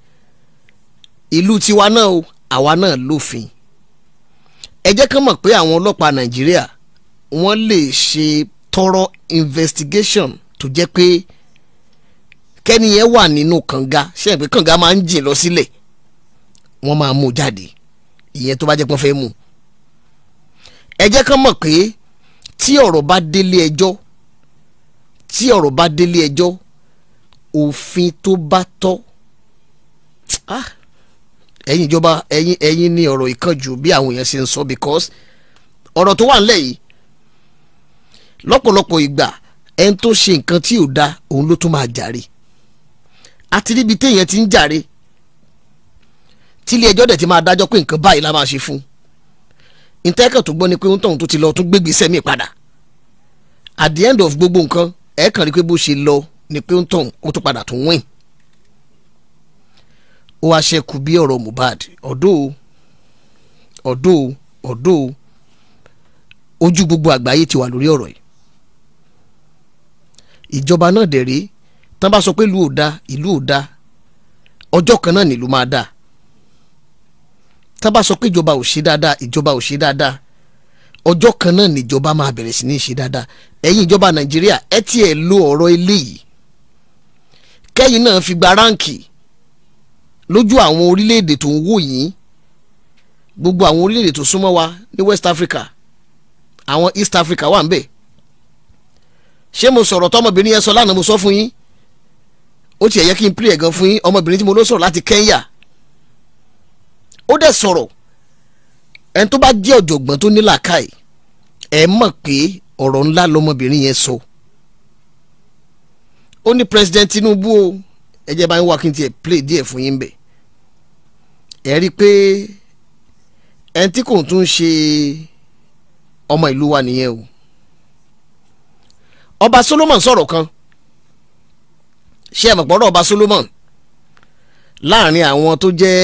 ìlú tiwa náà o àwa náà lófin ẹ jẹ́ kán mọ̀ pé àwọn ọlọ́pàá nàìjíríà wọ́n lè ṣe thorough investigation tó jẹ́ pé kẹ́ni yẹn wà nínú kànga ṣe é pé kànga máa ń jìn lọ sílẹ̀ wọ́n máa mú jáde ìyẹn tó bá jẹ́ pọ́n fẹ́ mú ẹ jẹ́ kán mọ̀ pé tí ọ̀rọ̀ bá délé ẹjọ́ tí ọ̀rọ̀ bá délé ẹjọ́ òfin tó bá tọ́ ah, ẹ̀yin ìjọba ẹ̀yin ẹ̀yin ní ọ̀rọ̀ ìkànjú bí àwọn èèyàn ṣe ń sọ because ọ̀rọ̀ tó wà nílẹ̀ yìí lọ́pọ̀lọpọ̀ ìgbà ẹni tó ṣe nǹkan tí ò da òun ló tún máa jàre àti níbi téèyàn ti ń jàre tílé ẹjọ́ dẹ̀ ti máa dájọ́ pé nǹkan báyìí la máa ṣe fún un tó gbọ́ ni pé òun tó ti lọ tún gbégbé sẹ́mi padà at the end of gbogbo nǹkan ẹ̀ẹ́kàn rí pé bó ṣe lọ ni pé ó ń tàn ó tún padà tún win ó wá ṣẹ́kù bí ọ̀rọ̀ Mohbad ọ̀dọ́ ọ̀dọ́ ọ̀dọ́ ojú gbogbo àgbáyé ti wà lórí ọ̀rọ̀ yìí ìjọba náà dẹ̀ rèé tán bá sọ pé ìlú ò da ìlú ò da ọjọ́ kan náà nílùú máa da tán bá sọ pé ìjọba ò ṣe dáadáa ìjọba ò ṣe dáadáa ọjọ́ kan náà níjọba máa bẹ̀rẹ̀ sí ní ṣe dáadáa ẹ̀yin ìjọba Nàìjíríà ẹ tiẹ̀ lo ọ̀rọ̀ eléyìí kẹ́yìn náà fi gba ráǹkì lójú àwọn orílẹ̀-èdè tó ń wò yín gbogbo àwọn orílẹ̀-èdè tó súnmọ́ wa ní West Africa àwọn East Africa wà ń bẹ̀ ṣé mo sọ̀rọ̀ tọmọbìnrin yẹn sọ lánàá mo sọ fún yín ó tiẹ̀ yẹ kí n pè é fún yín ọmọbìnrin tí mo lọ sọ̀rọ̀ láti Kenya ó dẹ̀ sọ̀rọ̀ ẹni tó bá jẹ́ ọ̀jọ̀gbọ́n tó ní làákàyè ẹ̀ mọ̀ pé ọ̀rọ̀ ńlá lọmọbìnrin yẹn sọ. So ó ní president Tinubu o ẹ jẹ́ bá wá kí n tiẹ̀ play díẹ̀ fún yín bẹ̀ ẹ rí i pé ẹni tí kò tún ṣe ọmọ ìlú wa nìyẹn o ọba Solomon sọ̀rọ̀ kan ṣé ẹ mọ̀ pọ́nrọ́ ọba Solomon láàrin àwọn tó jẹ́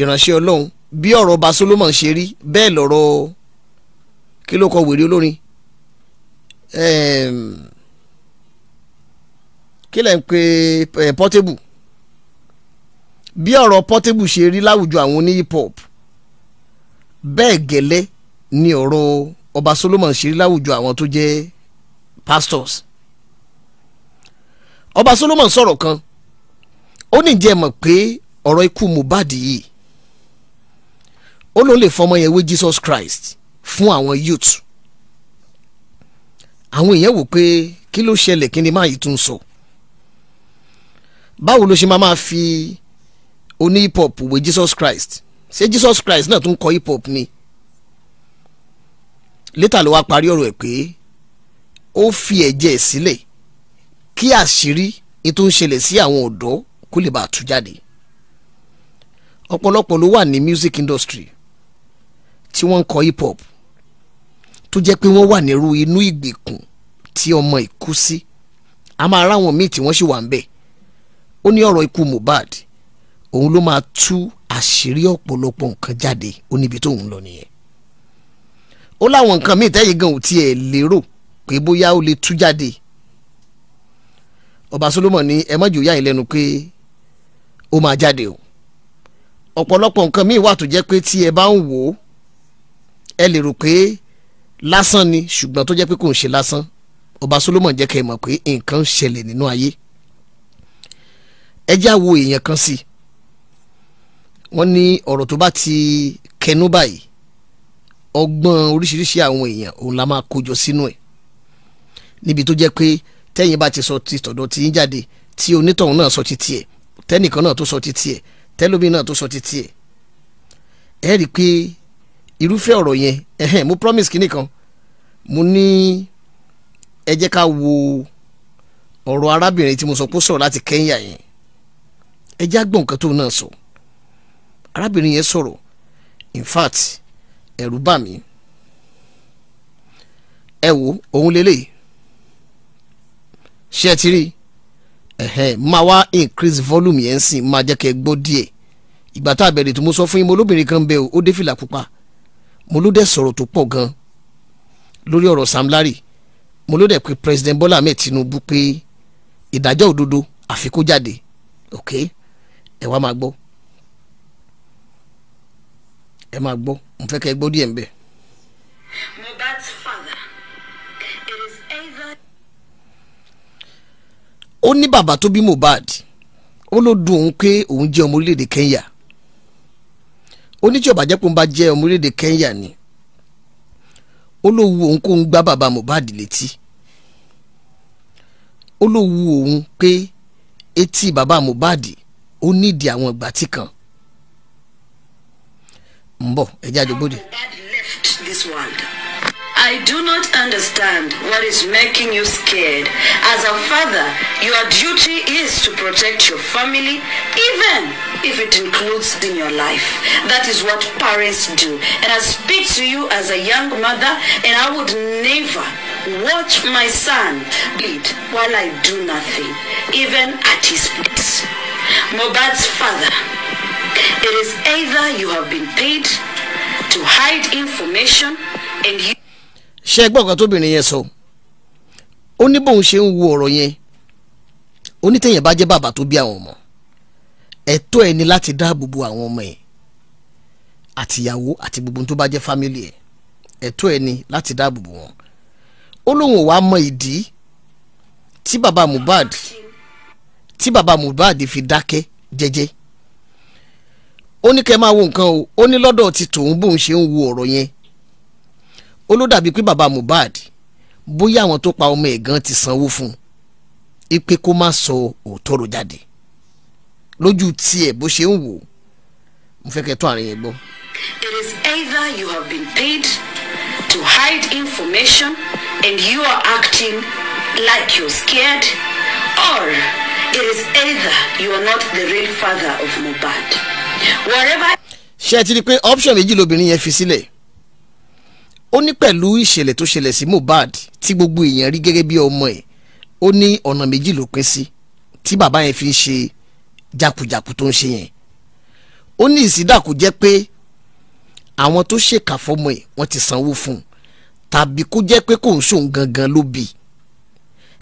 ìránṣẹ́ Ọlọ́run bí ọ̀rọ̀ ọba Solomon ṣe rí bẹ́ẹ̀ lọ́rọ̀ kí ló kọ wèrè olórin kí lẹ̀ ń pe portable bí ọ̀rọ̀ portable ṣe rí láwùjọ àwọn oní hip hop bẹ́ẹ̀ gẹ́lẹ́ ni ọ̀rọ̀ ọba Solomon ṣe rí láwùjọ àwọn tó jẹ́ pastors ọba Solomon sọ̀rọ̀ kan ó ní jẹ́ mọ̀ pé ọ̀rọ̀ ikú Mohbad yìí ó ló lè fọmọ yẹn wé Jesus Christ fún àwọn youth àwọn èèyàn wò pé kí ló ṣẹlẹ̀ kí ni máa yìí tún sọ. So báwo ló ṣe máa máa fi oní hip hop wé Jesus Christ ṣé Jesus Christ náà tún kọ hip hop ni létà ló wá parí ọ̀rọ̀ ẹ̀ pé ó fi ẹ̀jẹ̀ sílẹ̀ kí àṣírí ètò ń ṣẹlẹ̀ sí àwọn ọ̀dọ́ kó lè bàa tú jáde ọ̀pọ̀lọpọ̀ ló wà ní music industry tí wọ́n ń kọ hip hop tó jẹ́ pé wọ́n wà nírú inú ìgbèkùn tí ọmọ ìkú sí a máa ráwọn míì tí wọ́n sì wà ń bẹ̀ ó ní ọ̀rọ̀ ikú Mohbad òun ló máa tú àṣírí ọ̀pọ̀lọpọ̀ nǹkan jáde ó níbi tóun lọ nìyẹn ó láwọn nǹkan míì tẹ́yìn gan ò tiẹ̀ lérò pé bóyá ó lè tú jáde ọba Solomon ní ẹ má jò lẹ́nu pé ó máa jáde o ọ̀pọ̀lọpọ̀ nǹkan míì wà tó jẹ́ pé tí ẹ bá ń wò ó ẹ lè rò pé lásán ni ṣùgbọ́n tó jẹ́ pé kò ń ṣe lásán ọba Solomon jẹ́ kẹ́ ẹ mọ̀ pé nǹkan ń ṣẹlẹ̀ nínú ayé ẹjẹ́ àwo èèyàn kan sí wọ́n ní ọ̀rọ̀ tó bá ti kẹnu báyìí ọgbọ́n oríṣiríṣi àwọn èèyàn òun la máa kójọ sínú ẹ̀ níbi tó jẹ́ pé tẹ́yìn bá ti sọ ti tọ̀dọ̀ ti yín jáde tí onítọ̀hún náà sọ ti tiẹ̀ tẹ́nìkan náà tó sọ ti tiẹ̀ tẹ́lómi náà tó sọ ti tiẹ̀ ẹ rí i pé irúfẹ́ ọ̀rọ̀ yẹn ẹ̀hẹ́n mo promise kinní kan mo ní ẹ jẹ́ ká wo ọ̀rọ̀ arábìnrin tí mo sọ pé ó sọ̀rọ̀ láti Kẹ́ńyà yẹn ẹjẹ́ àgbọ̀n nǹkan tó náà sọ arábìnrin yẹn sọ̀rọ̀ in fact ẹ̀rù bà mí ẹ wo òun lélẹ̀ ṣé ti rí máa wá increase volume yẹn sìn máa jẹ́ kẹ́ ẹ gbọ́ díẹ̀ ìgbà tá a bẹ̀rẹ̀ tó mo sọ fún yín mo lóbìnrin kan bẹ́ẹ̀ o ó dé fìlà pupa mo ló dẹ̀ sọ̀rọ̀ tó pọ̀ gan lórí ọ̀rọ̀ Sam Larry mo ló dẹ̀ pé President Bola Ahmed Tinubu pé ìdájọ́ òdodo àfi jáde okay ẹ wá máa gbọ́ ẹ máa gbọ́ mo fẹ́ kẹ́ ẹ gbọ́ díẹ̀ ń father it is either. ó ní bàbá tó bí Mohbad ó ló dùn òun pé òun jẹ́ ọmọ orílẹ̀-èdè Kenya ó ní tí ó bá jẹ́ bá jẹ́ ọmọ orílẹ̀-èdè Kenya ni ó ló wu òun kó ń gbá bàbá Mohbad létí ó ló wu òun pé etí bàbá Mohbad ó àwọn ìgbà tí kan ń bọ̀ ẹ̀jẹ̀ I do not understand what is making you scared. As a father, your duty is to protect your family, even if it includes in your life. That is what parents do. And I speak to you as a young mother, and I would never watch my son bleed while I do nothing, even at his Mobad's father. It is either you have been paid to hide information and you. ṣé ẹgbọ́n kan tóbìnrin yẹn sọ ó ní bóun ṣe ń wo ọ̀rọ̀ yẹn ó ní téèyàn bá jẹ́ bàbá tó bí àwọn ọmọ ẹ̀tọ́ ẹ̀ ni láti dáàbò bo àwọn ọmọ ẹ̀ àtìyàwó àti gbogbo tó bá jẹ́ fámílì ẹ̀ ẹ̀tọ́ ẹ̀ ni láti dáàbò bo wọn ó lóun ò wá mọ ìdí tí bàbá Mohbad tí baba Mohbad fi dákẹ́ jẹ́jẹ́ ó ní kẹ́ máa wo nǹkan o ó ní lọ́dọ̀ ti tòun bóun ṣe ń wo ọ̀rọ̀ yẹn ó ló dàbí pé baba Mohbad bóyá àwọn tó pa ọmọ ẹ̀ gan ti sanwó fún ipe kó má sọ òótọ́ ro jáde lójú tiẹ̀ bó ṣe ń wò mo fẹ́ kẹ́ tó àárín yẹn gbọ́. It is either you have been paid to hide information and you are acting like you're scared or it is either you are not the real father of Mohbad wherever. ṣé ẹ ti rí pé option méjì lobìnrin yẹn fi sílẹ̀ ó ní pẹ̀lú ìṣẹ̀lẹ̀ tó ṣẹlẹ̀ sí Mohbad tí gbogbo èèyàn rí gẹ́gẹ́ bí ọmọ ẹ̀ ó ní ọ̀nà méjì ló pín sí tí bàbá yẹn fi ń ṣe jákujàku tó ń ṣe yẹn ó ní ìsídàkú jẹ́ pé àwọn tó ṣèkà fọmọ ẹ̀ wọ́n ti sanwó fún un tàbí kó jẹ́ pé kò ń ṣòun ló bì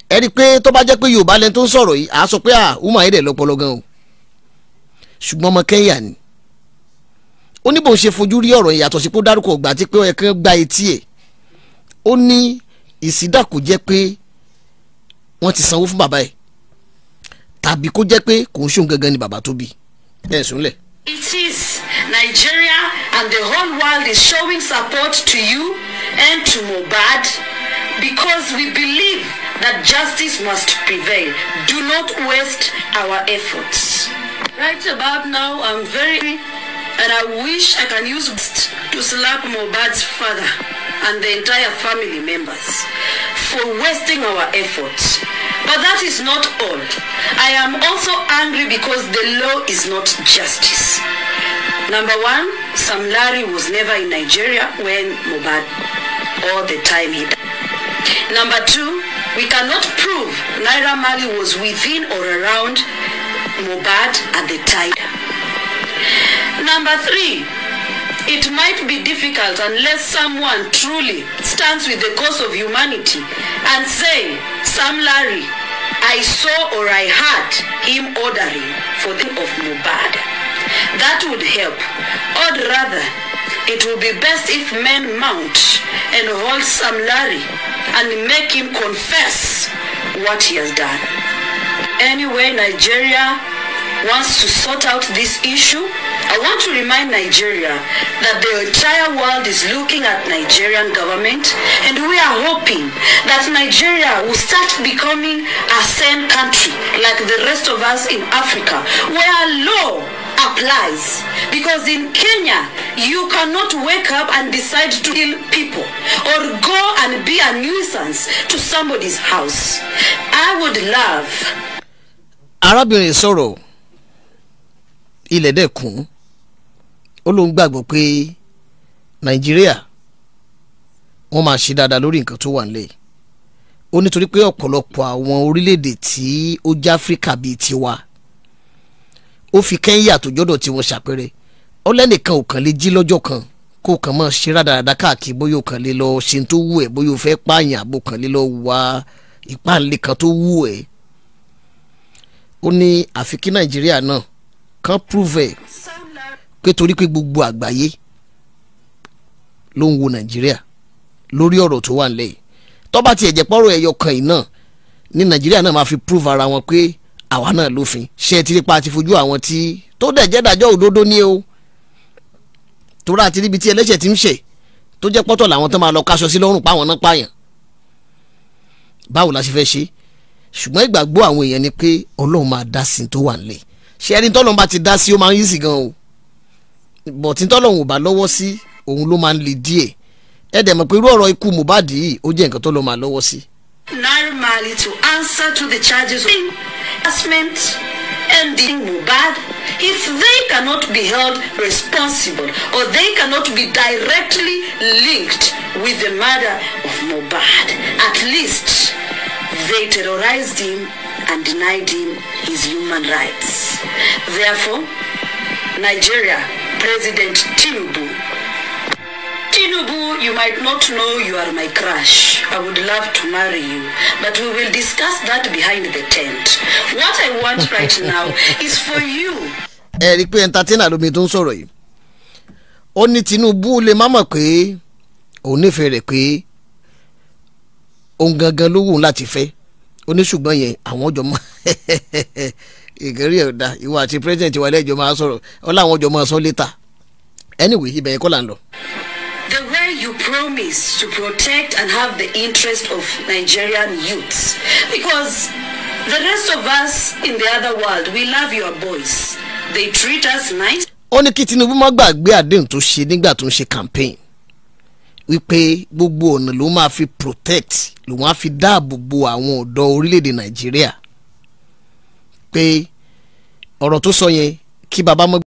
ẹni pé tó bá jẹ́ pé Yorùbá lẹni tó ń sọ̀rọ̀ yìí àá sọ pé à Wúmà ayédè lọ́pọlọ gan o ṣùgbọ́n ọmọ Kẹ́ńyà ni ó ń ṣe fojú rí ọ̀rọ̀ yìí sí pé ó dárúkọ ọgbà àti pé ẹ̀kan gba etí ẹ̀ ó ní ìsídà kò jẹ́ pé wọ́n ti sanwó fún bàbá ẹ̀ tàbí kó jẹ́ pé kò ń ṣóun gangan ni bàbá tó bí ẹ̀ súnlẹ̀. It is Nigeria and the whole world is showing support to you and to Mohbad because we believe that justice must prevail. Do not waste our efforts. Right about now, I'm very and I wish I can use to slap Mobad's father and the entire family members for wasting our efforts. But that is not all. I am also angry because the law is not justice. Number one, Samlari was never in Nigeria when Mobad all the time he died. Number two, we cannot prove Naira Mali was within or around Mubad at the time. Number three, it might be difficult unless someone truly stands with the cause of humanity and say, Sam Larry, I saw or I heard him ordering for the of Mubad. That would help. Or rather, It will be best if men mount and hold Sam Larry and make him confess what he has done. Anyway, Nigeria wants to sort out this issue. I want to remind Nigeria that the entire world is looking at Nigerian government and we are hoping that Nigeria will start becoming a sane country like the rest of us in Africa where law applies because in Kenya you cannot wake up and decide to kill people or go and be a nuisance to somebody's house I would love. arábìnrin sọ̀rọ̀ ilẹ̀ dẹ̀ kún ó ló ń gbàgbọ́ pé nàìjíríà wọ́n máa ṣe dáadáa lórí nǹkan tó wà nílẹ̀ ó nítorí pé ọ̀pọ̀lọpọ̀ àwọn orílẹ̀-èdè tí ó jẹ́ áfíríkà bíi tiwa ó fi kẹ́ńyà tó jọ́dọ̀ tí wọ́n ṣàpẹrẹ ọlẹ́nìkan ò kàn lè jí lọ́jọ́ kan kó kàn máa ṣe rádaràda káàkiri bóyá o kàn lè lọ ṣe tó wù ẹ́ bóyá o fẹ́ pààyàn àbò kàn lè lọ wá ìpàǹlẹ kan tó wù ẹ́ ó ní àfi kí nàìjíríà náà kàn prove ẹ̀ pé torí pé gbogbo àgbáyé ló ń wo nàìjíríà lórí ọ̀rọ̀ tó wà nílẹ̀ yìí tó bá tiẹ̀ jẹ́ pọ́rọ̀ yìí náà ní nàìjíríà náà máa fi prove ara wọn pé àwa náà lófin ṣé ti rí pa ti fojú àwọn tí tó dẹ̀ jẹ́ dájọ́ òdodo ní o tóra àti ríbi tí ẹlẹ́ṣẹ̀ ti ń ṣe tó jẹ́ pọ́tọ̀ làwọn tó máa lọ kaṣọ sí lọ́rùn páwọn náà pààyàn báwo la ṣe fẹ́ ṣe ṣùgbọ́n ìgbàgbọ́ àwọn èèyàn ni pé ọlọ́run máa dá sí tó wà nílẹ̀ ṣé ẹni tọ́lọ́run bá ti dá sí ó máa ń yí sí gan o bọ̀tí tọ́lọ́run ò bá lọ́wọ́ sí òun ló máa ń le díẹ̀ ẹ dẹ̀ mọ̀ pé irú ọ̀rọ̀ ikú Mohbad yìí ó jẹ́ nǹkan tó máa lọ́wọ́ sí. normally to answer to the charges. Of... harassment, and being bad, if they cannot be held responsible or they cannot be directly linked with the murder of Mubad, at least they terrorized him and denied him his human rights. Therefore, Nigeria President Tinubu Tinubu, you might not know you are my crush. I would love to marry you, but we will discuss that behind the tent. What I want right now is for you. Ẹ rí i pé ẹ̀ńtátínà lómi tó ń sọ̀rọ̀ yìí. Ó ní Tinubu lè má mọ̀ pé òun nífẹ̀ẹ́ rẹ̀ pé òun gangan ló wù ú láti fẹ́. Ó ní ṣùgbọ́n yẹn àwọn jọ mọ́ ìgérí ọ̀dà ìwọ àti president wa lẹ́jọ́ máa sọ̀rọ̀ ọ̀là àwọn jọ máa sọ létà. Anyway ibẹ̀ yẹn kọ́ là ń lọ the way you promise to protect and have the interest of Nigerian youths. Because the rest of us in the other world, we love your boys. They treat us nice. ó ní kí Tinubu má gbàgbé àdéhùn tó ṣe nígbà tó ń ṣe campaign wípé gbogbo ọ̀nà ló máa fi protect ló máa fi dáàbò bo àwọn ọ̀dọ́ orílẹ̀-èdè Nàìjíríà pé ọ̀rọ̀ tó sọ yẹn kí baba mọ́.